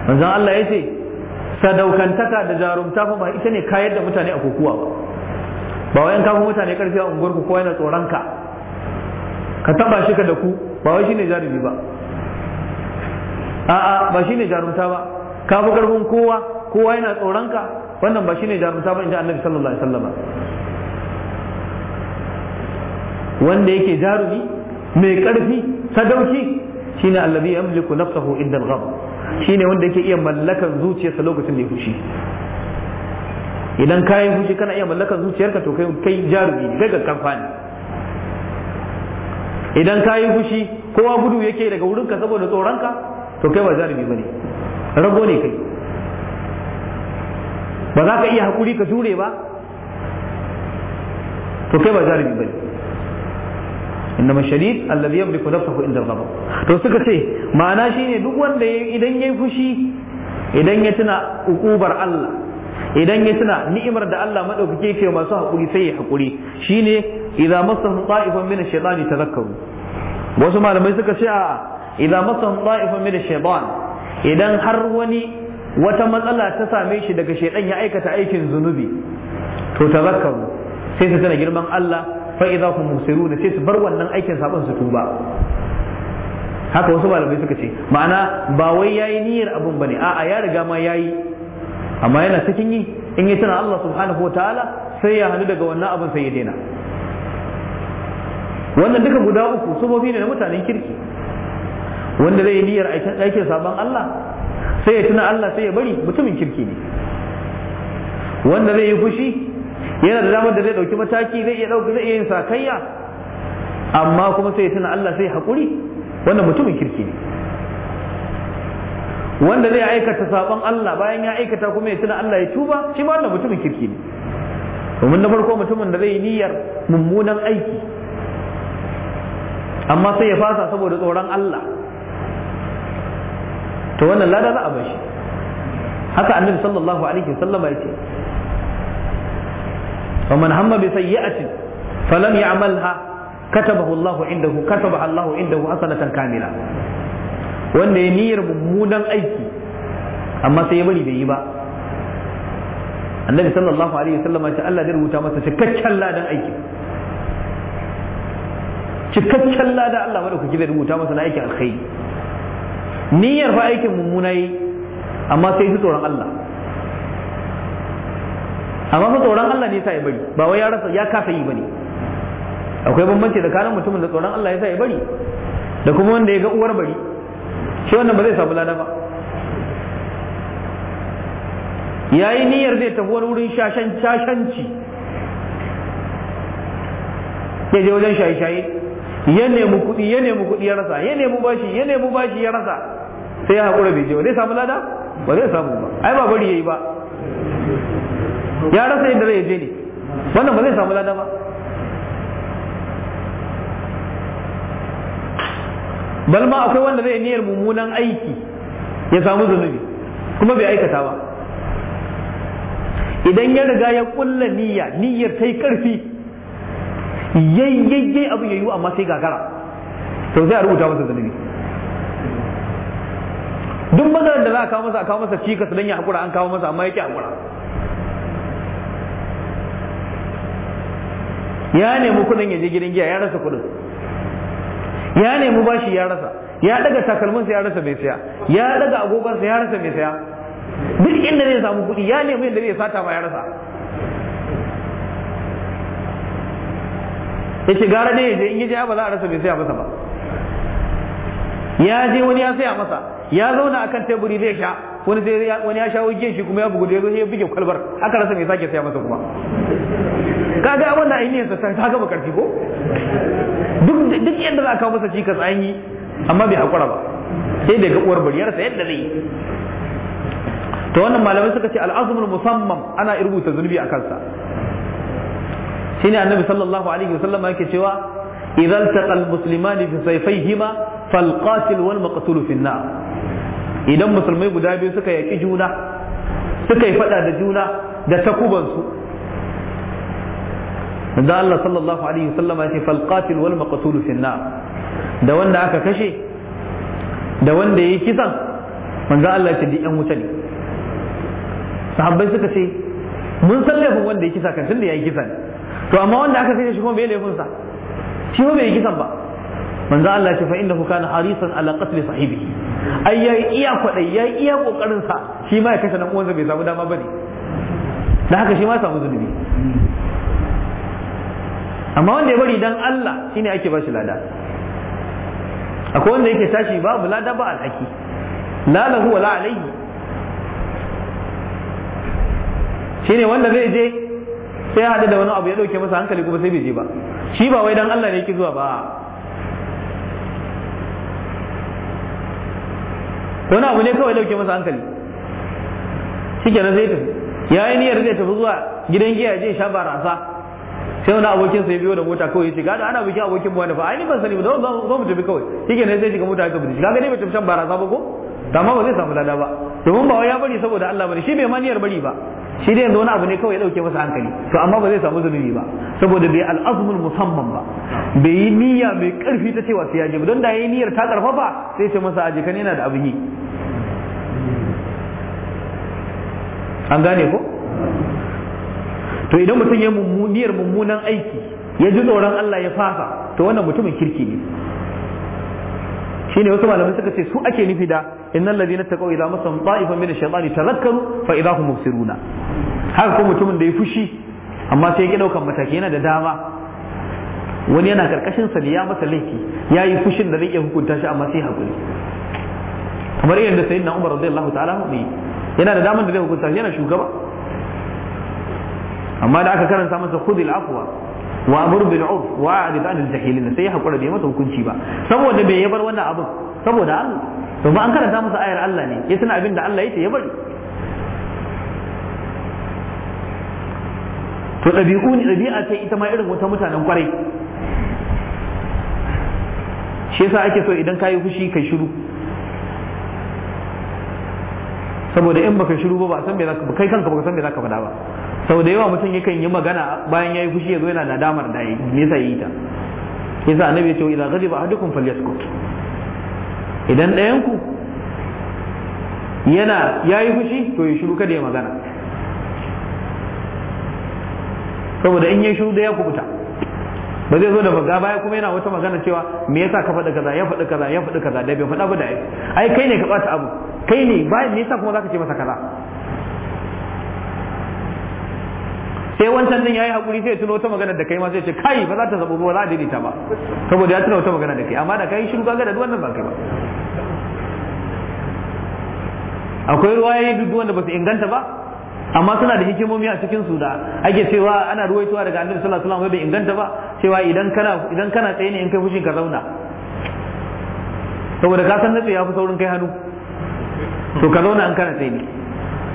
manzon Allah ya ce sadaukantaka da jarumta fa ba ita ne kayar da mutane a kokuwa ba ba wayan kafa mutane karfi a unguwar ku ko yana tsoron ka ka taba shi ka da ku ba wai shine jarumi ba a'a ba shine jarumta ba ka fi karfin kowa kowa yana tsoron ka wannan ba shine jarumta ba inji annabi sallallahu alaihi wasallam wanda yake jarumi mai karfi sadauki shine allazi yamliku nafsahu inda al-ghab shine wanda yake iya mallakan zuciyarsa lokacin da ya fushi idan kayan fushi kana iya mallakan zuciyarka to kai kai jarumi daga kamfani idan ka yi fushi kowa gudu yake daga wurinka saboda tsoronka to kai ba zarubi ba ne rago ne kai ba za ka iya haƙuri ka jure ba to kai ba zarubi ba ne innama shadid allazi yamliku nafsahu inda al to suka ce ma'ana shine duk wanda idan ya yi fushi idan ya tuna ukubar Allah idan ya tuna ni'imar da Allah madaukake yake masu hakuri sai ya hakuri shine idza masahu ta'ifan min ash shaytan tadhakkaru wasu malamai suka ce a idza masahu ta'ifan min ash-shaytan idan har wani wata matsala ta same shi daga shaytan ya aikata aikin zunubi to tadhakkaru sai su tana girman Allah fa idza hum musirun sai su bar wannan aikin saban su tuba haka wasu malamai suka ce ma'ana ba wai yayi niyyar abun bane a'a ya riga ma yayi amma yana cikin yi in ya tana Allah subhanahu wa ta'ala sai ya hannu daga wannan abin sai ya daina wannan duka guda uku sufofi ne na mutanen kirki wanda zai yi niyyar aikin sabon Allah sai ya tuna Allah sai ya bari mutumin kirki ne wanda zai yi fushi yana da damar da zai ɗauki mataki zai iya ɗauki zai iya yin sakayya amma kuma sai ya tuna Allah sai ya haƙuri wannan mutumin kirki ne wanda zai aikata sabon Allah bayan ya aikata kuma ya tuna Allah ya tuba shi ba wannan mutumin kirki ne domin na farko mutumin da zai yi niyyar mummunan aiki amma sai ya fasa saboda tsoron Allah to wannan lada za a bar shi haka annabi sallallahu alaihi wasallam ya ce wa man hamma bi sayyi'atin falam ya'malha katabahu Allah indahu katabaha Allah indahu hasanatan kamila wanda ya niyyar mummunan aiki amma sai ya bari bai yi ba annabi sallallahu alaihi wasallam ya Allah zai rubuta masa cikakken ladan aiki cikakken ladan Allah madaukaki zai rubuta masa na aikin alkhairi niyyar fa aikin mummuna yi amma sai ji tsoron Allah amma fa tsoron Allah ne sa ya bari ba wai ya rasa ya kasa yi bane akwai bambanci tsakanin mutumin da tsoron Allah ya sa ya bari da kuma wanda ya ga uwar bari shi wannan ba zai samu lada ba ya yi niyyar zai tafi wani wurin shashanci ya je wajen shaye-shaye ya nemi kuɗi ya nemi kuɗi ya rasa ya nemi bashi ya nemi bashi ya rasa sai ya haƙura bai je ba zai samu lada ba zai samu ba ai ba bari yi ba ya rasa yadda zai je ne wannan ba zai samu lada ba bal ma akwai wanda zai niyyar mummunan aiki ya samu zunubi kuma bai aikata ba idan ya riga ya kulla niyya niyyar ta yi karfi yayyayyay abu ya yi amma sai gagara to sai a rubuta masa zunubi duk matsalar da za a kawo masa a kawo masa cikas don ya haƙura an kawo masa amma ya ƙi haƙura ya nemi kuɗin ya je gidan giya ya rasa kuɗin ya nemi bashi ya rasa ya daga takalminsa ya rasa mai saya ya daga agogonsa ya rasa mai saya duk inda zai samu kuɗi ya nemi inda zai sata ma ya rasa ya ce gara ne je in yi je ba za a rasa mai saya masa ba ya je wani ya saya masa ya zauna akan teburi zai sha wani sai wani ya sha wajen shi kuma ya bugu da ya zo ya buge kwalbar aka rasa mai sake saya masa kuma kaga wannan ainihin sa ta gaba karfi ko duk duk yadda za a kawo masa cikas an yi amma bai hakura ba sai bai ga uwar sa yadda zai to wannan malamai suka ce al'azmul musammam ana rubuta zunubi a kansa shine annabi sallallahu alaihi wasallam yake cewa idan taqal muslimani fi sayfayhima fal qatil wal maqtul fi idan musulmai guda biyu suka yaki juna suka yi fada da juna da takubansu manzo Allah sallallahu alaihi wasallam ya ce fal wal maqtul fi nar da wanda aka kashe da wanda yayi kisan manzo Allah ya ce duk yan wuta ne sahabbai suka ce mun san laifin wanda ya kisa kan tunda yayi kisan to amma wanda aka kashe shi kuma bai laifin sa shi kuma bai kisan ba manzo Allah ya ce fa innahu kana harisan ala qatl sahibihi ai yayi iya kwadai yayi iya kokarin sa shi ma ya kashe nan uwansa bai samu dama bane da haka shi ma samu zunubi amma wanda ya bari dan Allah shine ake ba shi lada akwai wanda yake tashi babu lada ba alhaki la lahu wala alayhi shine wanda zai je sai hada da wani abu ya dauke masa hankali kuma sai bai je ba shi ba wai dan Allah ne yake zuwa ba wani abu ne kawai dauke masa hankali shi kenan sai tafi ya yi niyyar zai tafi zuwa gidan giya je sha barasa sai wani abokin sai biyo da mota kawai yace gada ana bikin abokin mu wani fa ai ni ban sani ba zo mu tafi kawai shike ne sai shiga mota aka bi kaga ne bai tafi can barasa ba ko to amma ba zai samu lada ba domin ba wai ya bari saboda Allah bane shi bai niyyar bari ba shi dai yanzu wani abu ne kawai ya dauke masa hankali to amma ba zai samu zunubi ba saboda bai al'azmul musamman ba bai yi niyya mai karfi ta cewa sai ya je don da yayi niyyar ta karfafa sai ce masa aje kan yana da abin yi an gane ko to idan mutum ya mummuniyar mummunan aiki ya ji tsoron Allah ya fasa to wannan mutumin kirki ne shine wasu malamai suka ce su ake nufi da innal ladina taqaw idza masahum ta'ifun min ash-shaytani tadhakkaru fa idza hum mubsiruna haka ko mutumin da ya fushi amma sai ya daukan mataki yana da dama wani yana karkashin sa ne ya masa laifi ya yi fushin da zai iya hukunta shi amma sai hakuri kamar yadda sayyidina Umar radiyallahu ta'ala hu yana da daman da zai hukunta shi yana shugaba amma da aka karanta masa khudil afwa wa amur bil urf wa a'rid al jahilin sai ya hakura bai masa hukunci ba saboda bai yabar wannan abin saboda Allah to ba an karanta masa ayar Allah ne ya san abin da Allah yake ya bari to ɗabi'u ne ɗabi'a ce ita ma irin wata mutanen kwarai shi yasa ake so idan kayi fushi kai shiru saboda in baka shiru ba ba san me zaka kai kanka baka san me zaka faɗa ba sau da yawa mutum yakan yi magana bayan yayi fushi ya zo yana nadamar da yayi me yasa yi ta yasa annabi ya ce idan ghadiba ahadukum falyaskut idan ɗayan ku yana yayi fushi to ya shiru kada ya magana saboda in ya shiru da ya kubuta ba zai zo da baga baya kuma yana wata magana cewa me yasa ka faɗi kaza ya faɗi kaza ya faɗi kaza da bai faɗa ba da ai kai ne ka ɓata abu kai ne ba me yasa kuma zaka ce masa kaza sai wancan din yayi hakuri sai tuno wata magana da kai ma sai ce kai ba za ta sabo ba za a daidaita ba saboda ya tuna wata magana da kai amma da kai shiru kaga da wannan ba kai ba akwai ruwayoyi duk wanda ba su inganta ba amma suna da hikimomi a cikin su da ake cewa ana ruwaitowa daga annabi sallallahu alaihi wasallam bai inganta ba cewa idan kana idan kana tsaye ne in kai fushin ka zauna saboda ka san nabi ya fi saurin kai hannu to ka zauna in kana tsaye ne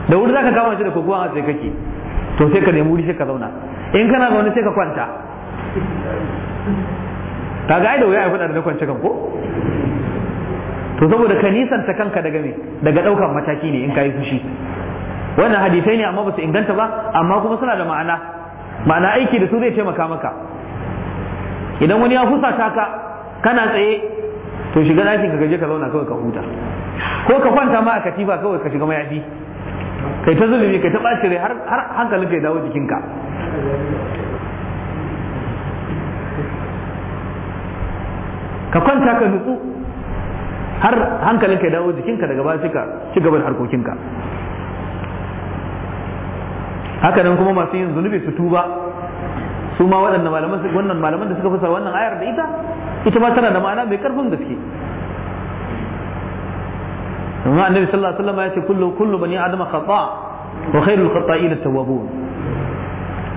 da wuri zaka kama shi da kokowa a tsaye kake to sai ka nemi wuri sai ka zauna in kana zaune sai ka kwanta ta ga da wuya a faɗa da kwanci kwance kan ko to saboda ka nisanta kanka daga me daga daukan mataki ne in ka yi fushi wannan hadisai ne amma ba su inganta ba amma kuma suna da ma'ana ma'ana aiki da su zai taimaka maka idan wani ya fusata ka kana tsaye to shiga ɗakin ka gaje ka zauna kawai ka huta ko ka kwanta ma a katifa kawai ka shiga mayafi kai ta zulumi kai ta ɓaci rai har hankalin kai dawo jikinka ka kwanta ka nutsu har hankalin kai dawo jikinka daga ba ka ci gaban harkokinka haka nan kuma masu yin zunubi su tuba su ma waɗannan malaman wannan malaman da suka fasa wannan ayar da ita ita ma tana da ma'ana mai karfin gaske amma annabi sallallahu alaihi wasallam ya ce kullu kullu bani adama khata wa khairul khata'ina tawwabun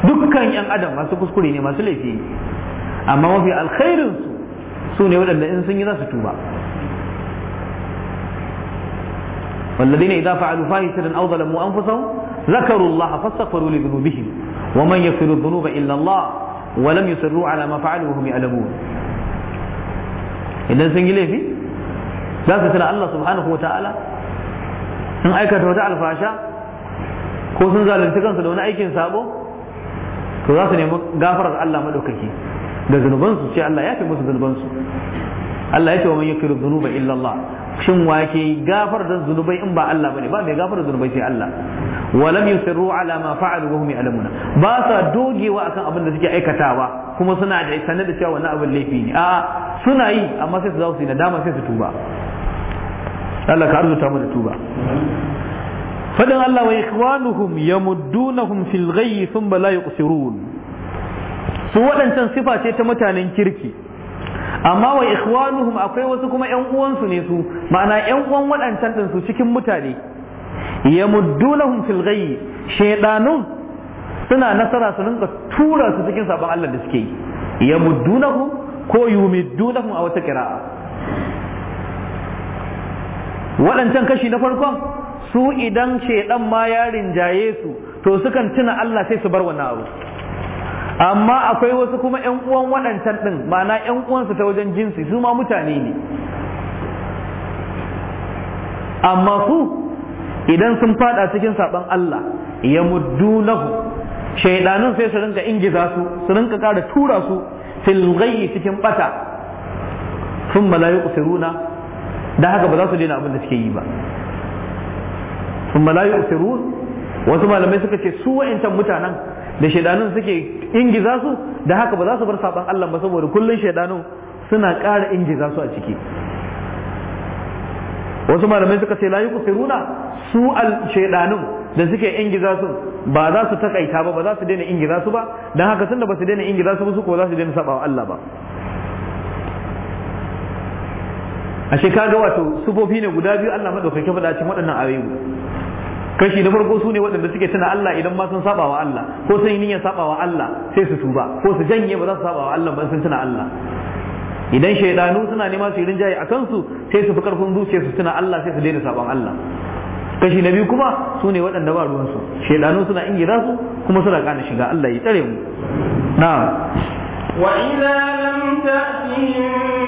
dukkan yan adam masu kuskure ne masu laifi amma mafi alkhairin su su ne waɗanda in sun yi za su tuba والذين إذا فعلوا فاحشة أو ظلموا أنفسهم ذكروا الله فاستغفروا لذنوبهم ومن يغفر الذنوب إلا الله ولم يصروا على ما فعلوا وهم يعلمون إذا سنجي ليه za su tuna Allah subhanahu wa ta'ala sun aikata wata alfasha ko sun zalunci kansu da wani aikin sabo to za su nemi gafarar Allah maɗaukaki da zunubansu ce Allah ya fi musu zunubansu Allah ya ce wa man yakiru dhunuba illa shin wa ke gafar da zunubai in ba Allah bane ba mai gafar da zunubai sai Allah wa lam yusirru ala ma fa'alu wa hum ya'lamuna ba sa dogewa akan abin da suke aikatawa kuma suna da sanar da cewa wannan abin laifi ne a suna yi amma sai su za su yi nadama sai su tuba Allah ka arzuta mu da tuba fadin Allah wa ikhwanuhum yamuddunahum fil ghayyi thumma la yuqsirun su waɗancan sifa ce ta mutanen kirki amma wa ikhwanuhum akwai wasu kuma ƴan uwansu ne su ma'ana ƴan uwan wadancan din su cikin mutane yamuddunahum fil ghayyi shaydanun suna nasara su rinka tura su cikin sabon Allah da suke yi ya muddunahum ko yumiddunahum a wata kira'a waɗancan kashi na farkon su idan shaidan ma ya rinjaye su to sukan tuna Allah sai su bar wannan abu amma akwai wasu kuma ƴan uwan waɗancan ɗin ma'ana ƴan uwansu ta wajen jinsi su ma mutane ne amma su idan sun fada cikin saɓan Allah ya muddunahu shaidanun sai su rinka ingiza su su rinka kara tura su fil ghayyi cikin bata sun la yuqsiruna da haka ba za su daina abin da suke yi ba sun la yuqsirun wasu malamai suka ce su wa'intan mutanen da shaidanun suke ingiza su da haka ba za su bar saban Allah ba saboda kullun shaidanun suna ƙara ingiza su a ciki wasu malamai suka ce la yuqsiruna su al shaidanun da suke ingiza su ba za su takaita ba ba za su daina ingiza su ba don haka tunda ba su daina ingiza su ba su ko za su daina sabawa Allah ba shi kaga wato sufofi ne guda biyu Allah madaukake faɗa cikin waɗannan ayoyi kashi na farko su ne waɗanda suke tuna Allah idan ma sun saba wa Allah ko sun yi niyyar saba wa Allah sai su tuba ko su janye ba za su saba wa Allah ba sun tuna Allah idan shaidanu suna nema su yi rinjaye a kansu sai su fi karfin zuciya su tuna Allah sai su daina saban Allah kashi na biyu kuma su ne waɗanda ba ruwansu shaidanu suna ingira su kuma suna kana shiga Allah ya tsare mu na'am wa idza lam ta'tihim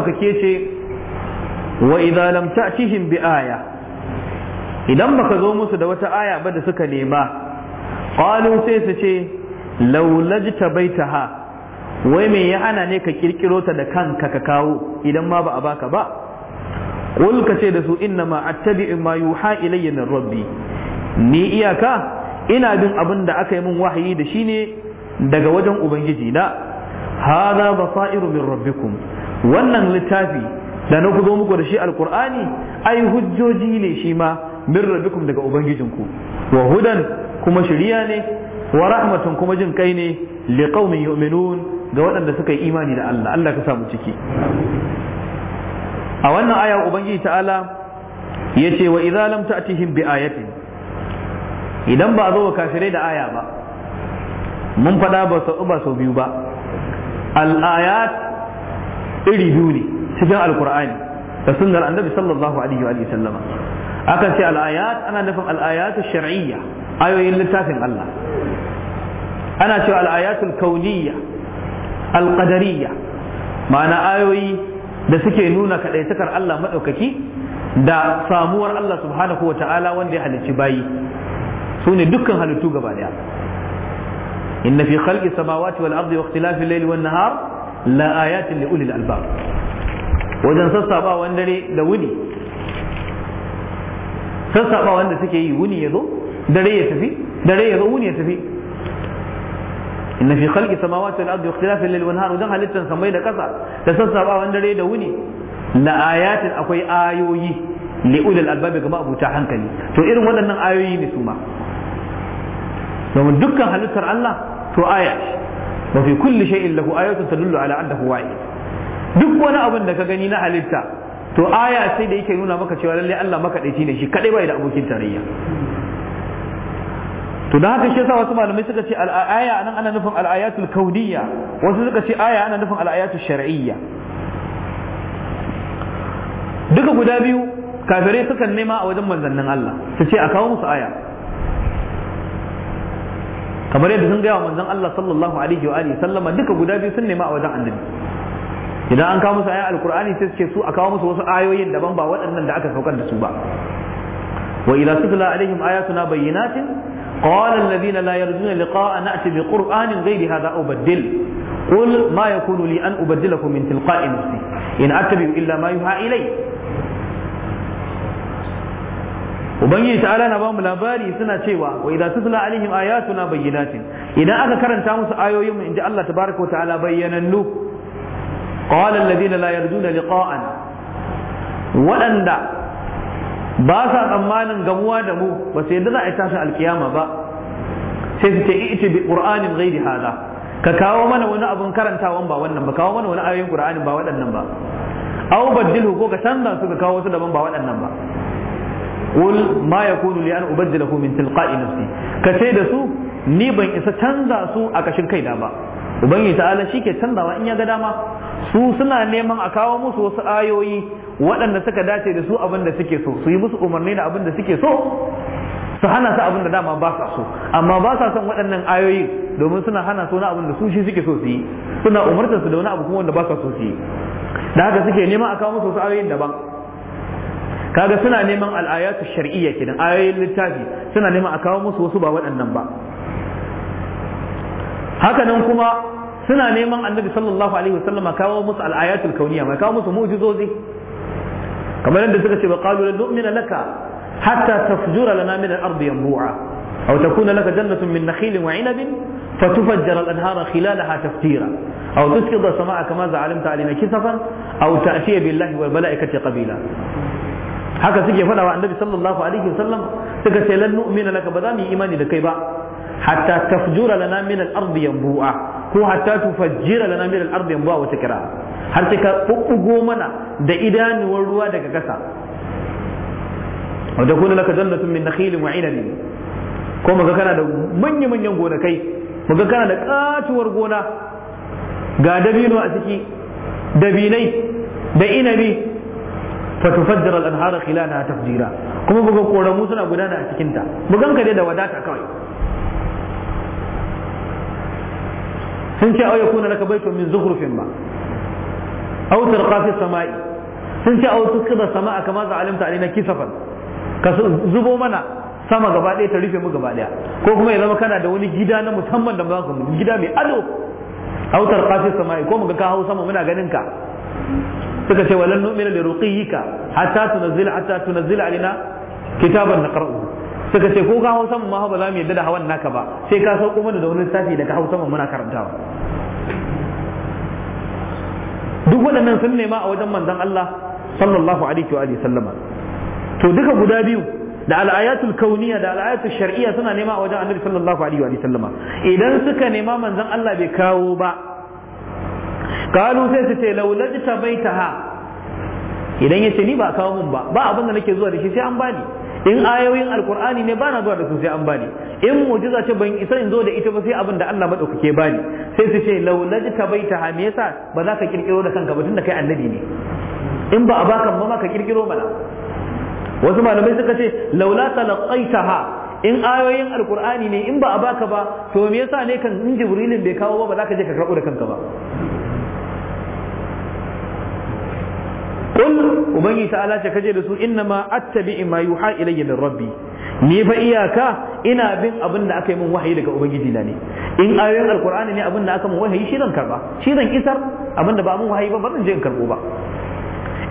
madaukake ce wa idza lam ta'tihim bi aya idan baka zo musu da wata aya ba da suka nema qalu sai su ce laulajta baitaha wai me ya ana ne ka kirkiro ta da kanka ka kawo idan ma ba a baka ba qul ka ce da su inna ma attabi'u ma yuha ilayya min rabbi ni iyaka ina bin abin da aka yi min wahayi da shi ne daga wajen ubangiji na hada basairu min rabbikum wannan littafi da na ku zo muku da shi alkur'ani ai hujjoji ne shi ma min rabbikum daga ubangijinku wa hudan kuma shirya ne wa rahmatun kuma jin kai ne liqaumin yu'minun ga waɗanda suka yi imani da Allah Allah ka samu ciki a wannan aya ubangiji ta'ala yace wa idza lam ta'tihim bi ayatin idan ba a zo wa kafirai da aya ba mun faɗa ba sau ba sau biyu ba al ayat iri biyu ne cikin alkur'ani da sunnar annabi sallallahu alaihi wa sallama akan ce al'ayat ana nufin al'ayat shar'iyya ayoyin littafin Allah ana cewa al'ayatul kauniyya al ma'ana ayoyi da suke nuna kaɗaitakar Allah maɗaukaki da samuwar Allah subhanahu wa ta'ala wanda ya halicci bayi su ne dukkan halittu gaba daya inna fi khalqi samawati wal ardi wa ikhtilafi al-layli wan nahar la ayatin li ulil albab wajen sassabawan dare da wuni sassabawan da suke yi wuni ya zo dare ya tafi dare ya zo wuni ya tafi inna fi khalqi samawati wal ardi ikhtilafi al-layli wan nahar dan halittan samai da kasa da sassabawan dare da wuni la ayatin akwai ayoyi li ulil albab ga abuta hankali to irin waɗannan ayoyi ne su ma domin dukkan halittar Allah to aya wa fi kulli shay'in lahu ayatun tadullu ala annahu duk wani abin da ka gani na halitta to aya sai da yake nuna maka cewa lallai Allah makadaici ne shi kadai bai da abokin tarayya to da haka shi yasa wasu malamai suka ce al-aya anan ana nufin al-ayatul kauniyya wasu suka ce aya ana nufin al-ayatul shar'iyya duka guda biyu kafirai sukan nema a wajen manzannin Allah su ce a kawo musu aya kamar yadda sun gaya wa manzon Allah sallallahu alaihi wa alihi sallama duka guda biyu sun nema a wajen annabi idan an kawo musu ayan alqur'ani sai su ce su a kawo musu wasu ayoyin daban ba waɗannan da aka saukar da su ba wa ila tutla alaihim ayatuna bayyinatin qala alladhina la yarjuna liqa'a na'ti bi qur'anin zai hadha aw baddil qul ma yakunu li an ubaddilahu min tilqa'i nafsi in attabi'u illa ma yuha ubangiji ta'ala na bamu labari suna cewa wa idza tutla alaihim ayatuna bayyinatin idan aka karanta musu ayoyin mu inji Allah tabaraka ta'ala bayyanannu qala alladhina la yarjuna liqa'an waɗanda ba sa tsammanin gamuwa da mu ba sai yadda za a tashi alkiyama ba sai su ce iti bi qur'anin ghairi hada ka kawo mana wani abun karantawan ba wannan ba kawo mana wani ayoyin qur'anin ba waɗannan ba aw badilhu ko ka canza su ka kawo wasu daban ba waɗannan ba qul ma yakunu li an ubaddilahu min tilqa'i nafsi ka ce da su ni ban isa canza su a kashin da ba ubangiji ta'ala shi ke canzawa in ya ga dama su suna neman a kawo musu wasu ayoyi waɗanda suka dace da su abin da suke so su yi musu umarni da abin da suke so su hana su abin da dama ba sa so amma ba sa son waɗannan ayoyi domin suna hana su na abin da su shi suke so su yi suna umartar da wani abu kuma wanda ba sa so su yi da haka suke neman a kawo musu wasu ayoyin daban kaga suna neman al'ayatu shar'iyya kenan ayoyin littafi suna neman a kawo musu wasu ba waɗannan ba hakanan kuma suna neman annabi sallallahu alaihi wasallam a kawo musu al'ayatul kauniya mai kawo musu mu'jizozi kamar yadda suka ce ba qalu la nu'mina laka hatta tafjura lana min al-ardi yanbu'a aw takuna laka jannatun min nakhilin wa 'inabin فتفجر الأنهار خلالها تفجيرا أو تسقط السماء كما زعمت علينا كسفا أو تأتي بالله والملائكة قبيلا haka suke faɗa wa annabi sallallahu alaihi wasallam suka ce lan nu'mina laka ba za mu yi imani da kai ba hatta tafjura lana min al-ard yanbu'a ko hatta tufajjira lana min al-ard yanbu'a wata kira har sai ka bubbugo mana da idanuwar ruwa daga kasa wa takuna laka jannatun min nakhilin wa 'inabin ko muga kana da manya-manyan gonakai muga kana da katuwar gona ga dabino a ciki dabinai da inabi fatufajjar al'anhara khilana tafjira kuma buga koramu suna gudana a cikinta bugan ka dai da wadata kawai sun ce auya kuna laka baitun min zukhrufin ba aw tarqa fi samai sun ce aw tukhiba samaa kama za'alimta alaina kisafan ka zubo mana sama gaba ɗaya ta rufe mu gaba ɗaya ko kuma ya zama kana da wani gida na musamman da ba gida mai ado autar kafin samai ko muga ka hau sama muna ganin ka suka ce walan nu'mina li ruqiyyika hatta tunzila hatta tunzila alaina kitaban naqra'u suka ce ko ka hausa ma ba za mu yadda da hawan naka ba sai ka sauko mana da wani lissafi daga hausa mu muna karantawa duk waɗannan sun nema a wajen manzon Allah sallallahu alaihi wa sallama to duka guda biyu da al'ayatul kauniya da al'ayatul shar'iyya suna nema a wajen annabi sallallahu alaihi wa sallama idan suka nema manzon Allah bai kawo ba kalu sai su ce ta ha, idan yace ni ba kawo mun ba ba abin da nake zuwa da shi sai an bani in ayoyin alkur'ani ne bana zuwa da su sai an bani in mu'jiza ce ban isa in zo da ita ba sai abin da Allah madaukake bani sai su ce ta ha, me yasa ba za ka kirkiro da kanka ba tunda kai annabi ne in ba a baka ba ka kirkiro mana wasu malamai suka ce laula talaqaitaha in ayoyin alkur'ani ne in ba a baka ba to me yasa ne kan in jibrilin bai kawo ba ba za ka je ka karbo da kanka ba kul ubangi ta'ala ce kaje da su inna ma attabi ma yuha ilayya min rabbi ni fa iyaka ina bin abin da aka yi wahayi daga ubangiji na ne in ayoyin alqur'ani ne abin da aka min wahayi shi zan karba shi zan isar abin da ba min wahayi ba ba je in karbo ba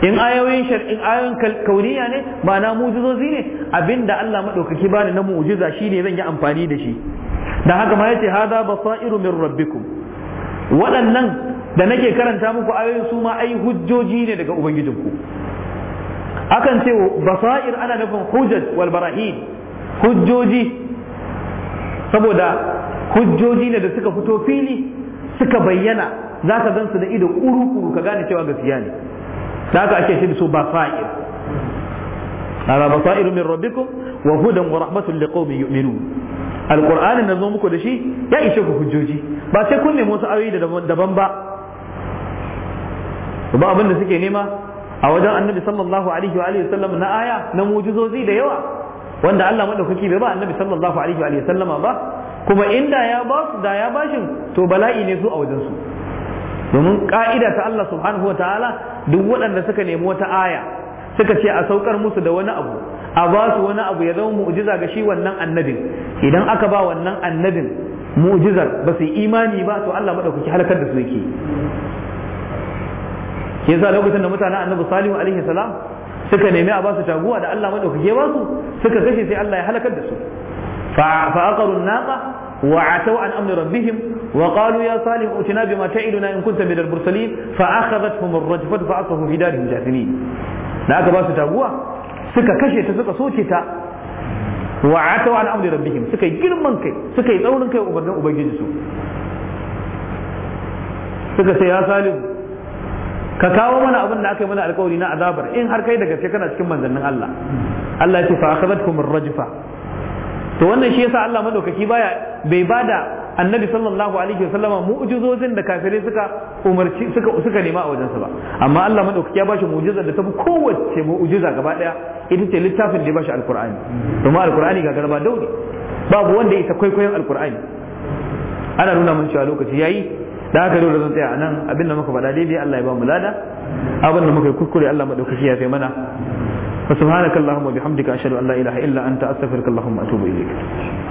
in ayoyin shar'in kauniya ne na mu'jizozi ne abinda Allah madaukaki bani na mu'jiza shine zan yi amfani da shi Da haka ma yace hada basairu min rabbikum waɗannan da nake karanta muku ayoyin su ma ai hujjoji ne daga ubangijinku akan ce basair ana nufin hujjaj wal barahin hujjoji saboda hujjoji ne da suka fito fili suka bayyana za ka gansu da ido kuru-kuru ka gane cewa gaskiya ne da haka ake shi su basair ala basair min rabbikum wa hudan wa rahmatun liqaumin yu'minun alqur'anin na zo muku da shi ya ishe ku hujjoji ba sai kun nemi wasu ayoyi daban ba ba abin da suke nema a wajen annabi sallallahu alaihi wa alihi sallam na aya na mujizozi da yawa wanda Allah madaukaki bai ba annabi sallallahu alaihi wa alihi sallama ba kuma inda ya ba su da ya bashin to bala'i ne su a wajen su domin ka'ida ta Allah subhanahu wa ta'ala duk waɗanda suka nemi wata aya suka ce a saukar musu da wani abu a ba su wani abu ya zama mu'jiza ga shi wannan annabin idan aka ba wannan annabin mu'jizar ba su yi imani ba to Allah madaukaki halakar da su yake yasa lokacin da mutanen annabi salihu alaihi salam suka nemi a basu taguwa da Allah madaukake ba su suka kashe sai Allah ya halakar da su fa aqaru an-naqa wa atau an amri rabbihim wa qalu ya salih utina bima ta'iduna in kunta min al-mursalin fa akhadhatuhum ar-rajfatu fa asbahu fi darihim jathimin da aka basu taguwa suka kashe ta suka soke ta wa atau an amri rabbihim suka yi girman kai suka yi tsaurin kai ubannin ubangiji su suka ce ya salihu ka kawo mana abin da aka yi mana alkawari na azabar in har kai daga kana cikin manzannin Allah Allah ya ce fa akhadhatkum ar-rajfa to wannan shi yasa Allah madaukaki baya bai bada annabi sallallahu alaihi wasallama mu'jizozin da kafirai suka umarci suka suka nema a wajensa ba amma Allah madaukaki ya bashi mu'jizar da ta fi kowace mu'jiza gaba daya ita ce littafin da ya bashi alqur'ani domin alqur'ani ga garba dauri babu wanda ya kwaikwayon alqur'ani ana nuna mun cewa lokaci yayi da haka dole zan tsaya a nan abinda muka faɗa daidai Allah ya ba mu lada da muka yi kuskure Allah maɗaukaki ya fi mana wa subhanakallahumma bihamdika ashhadu an la ilaha illa anta astaghfiruka wa atubu ilayk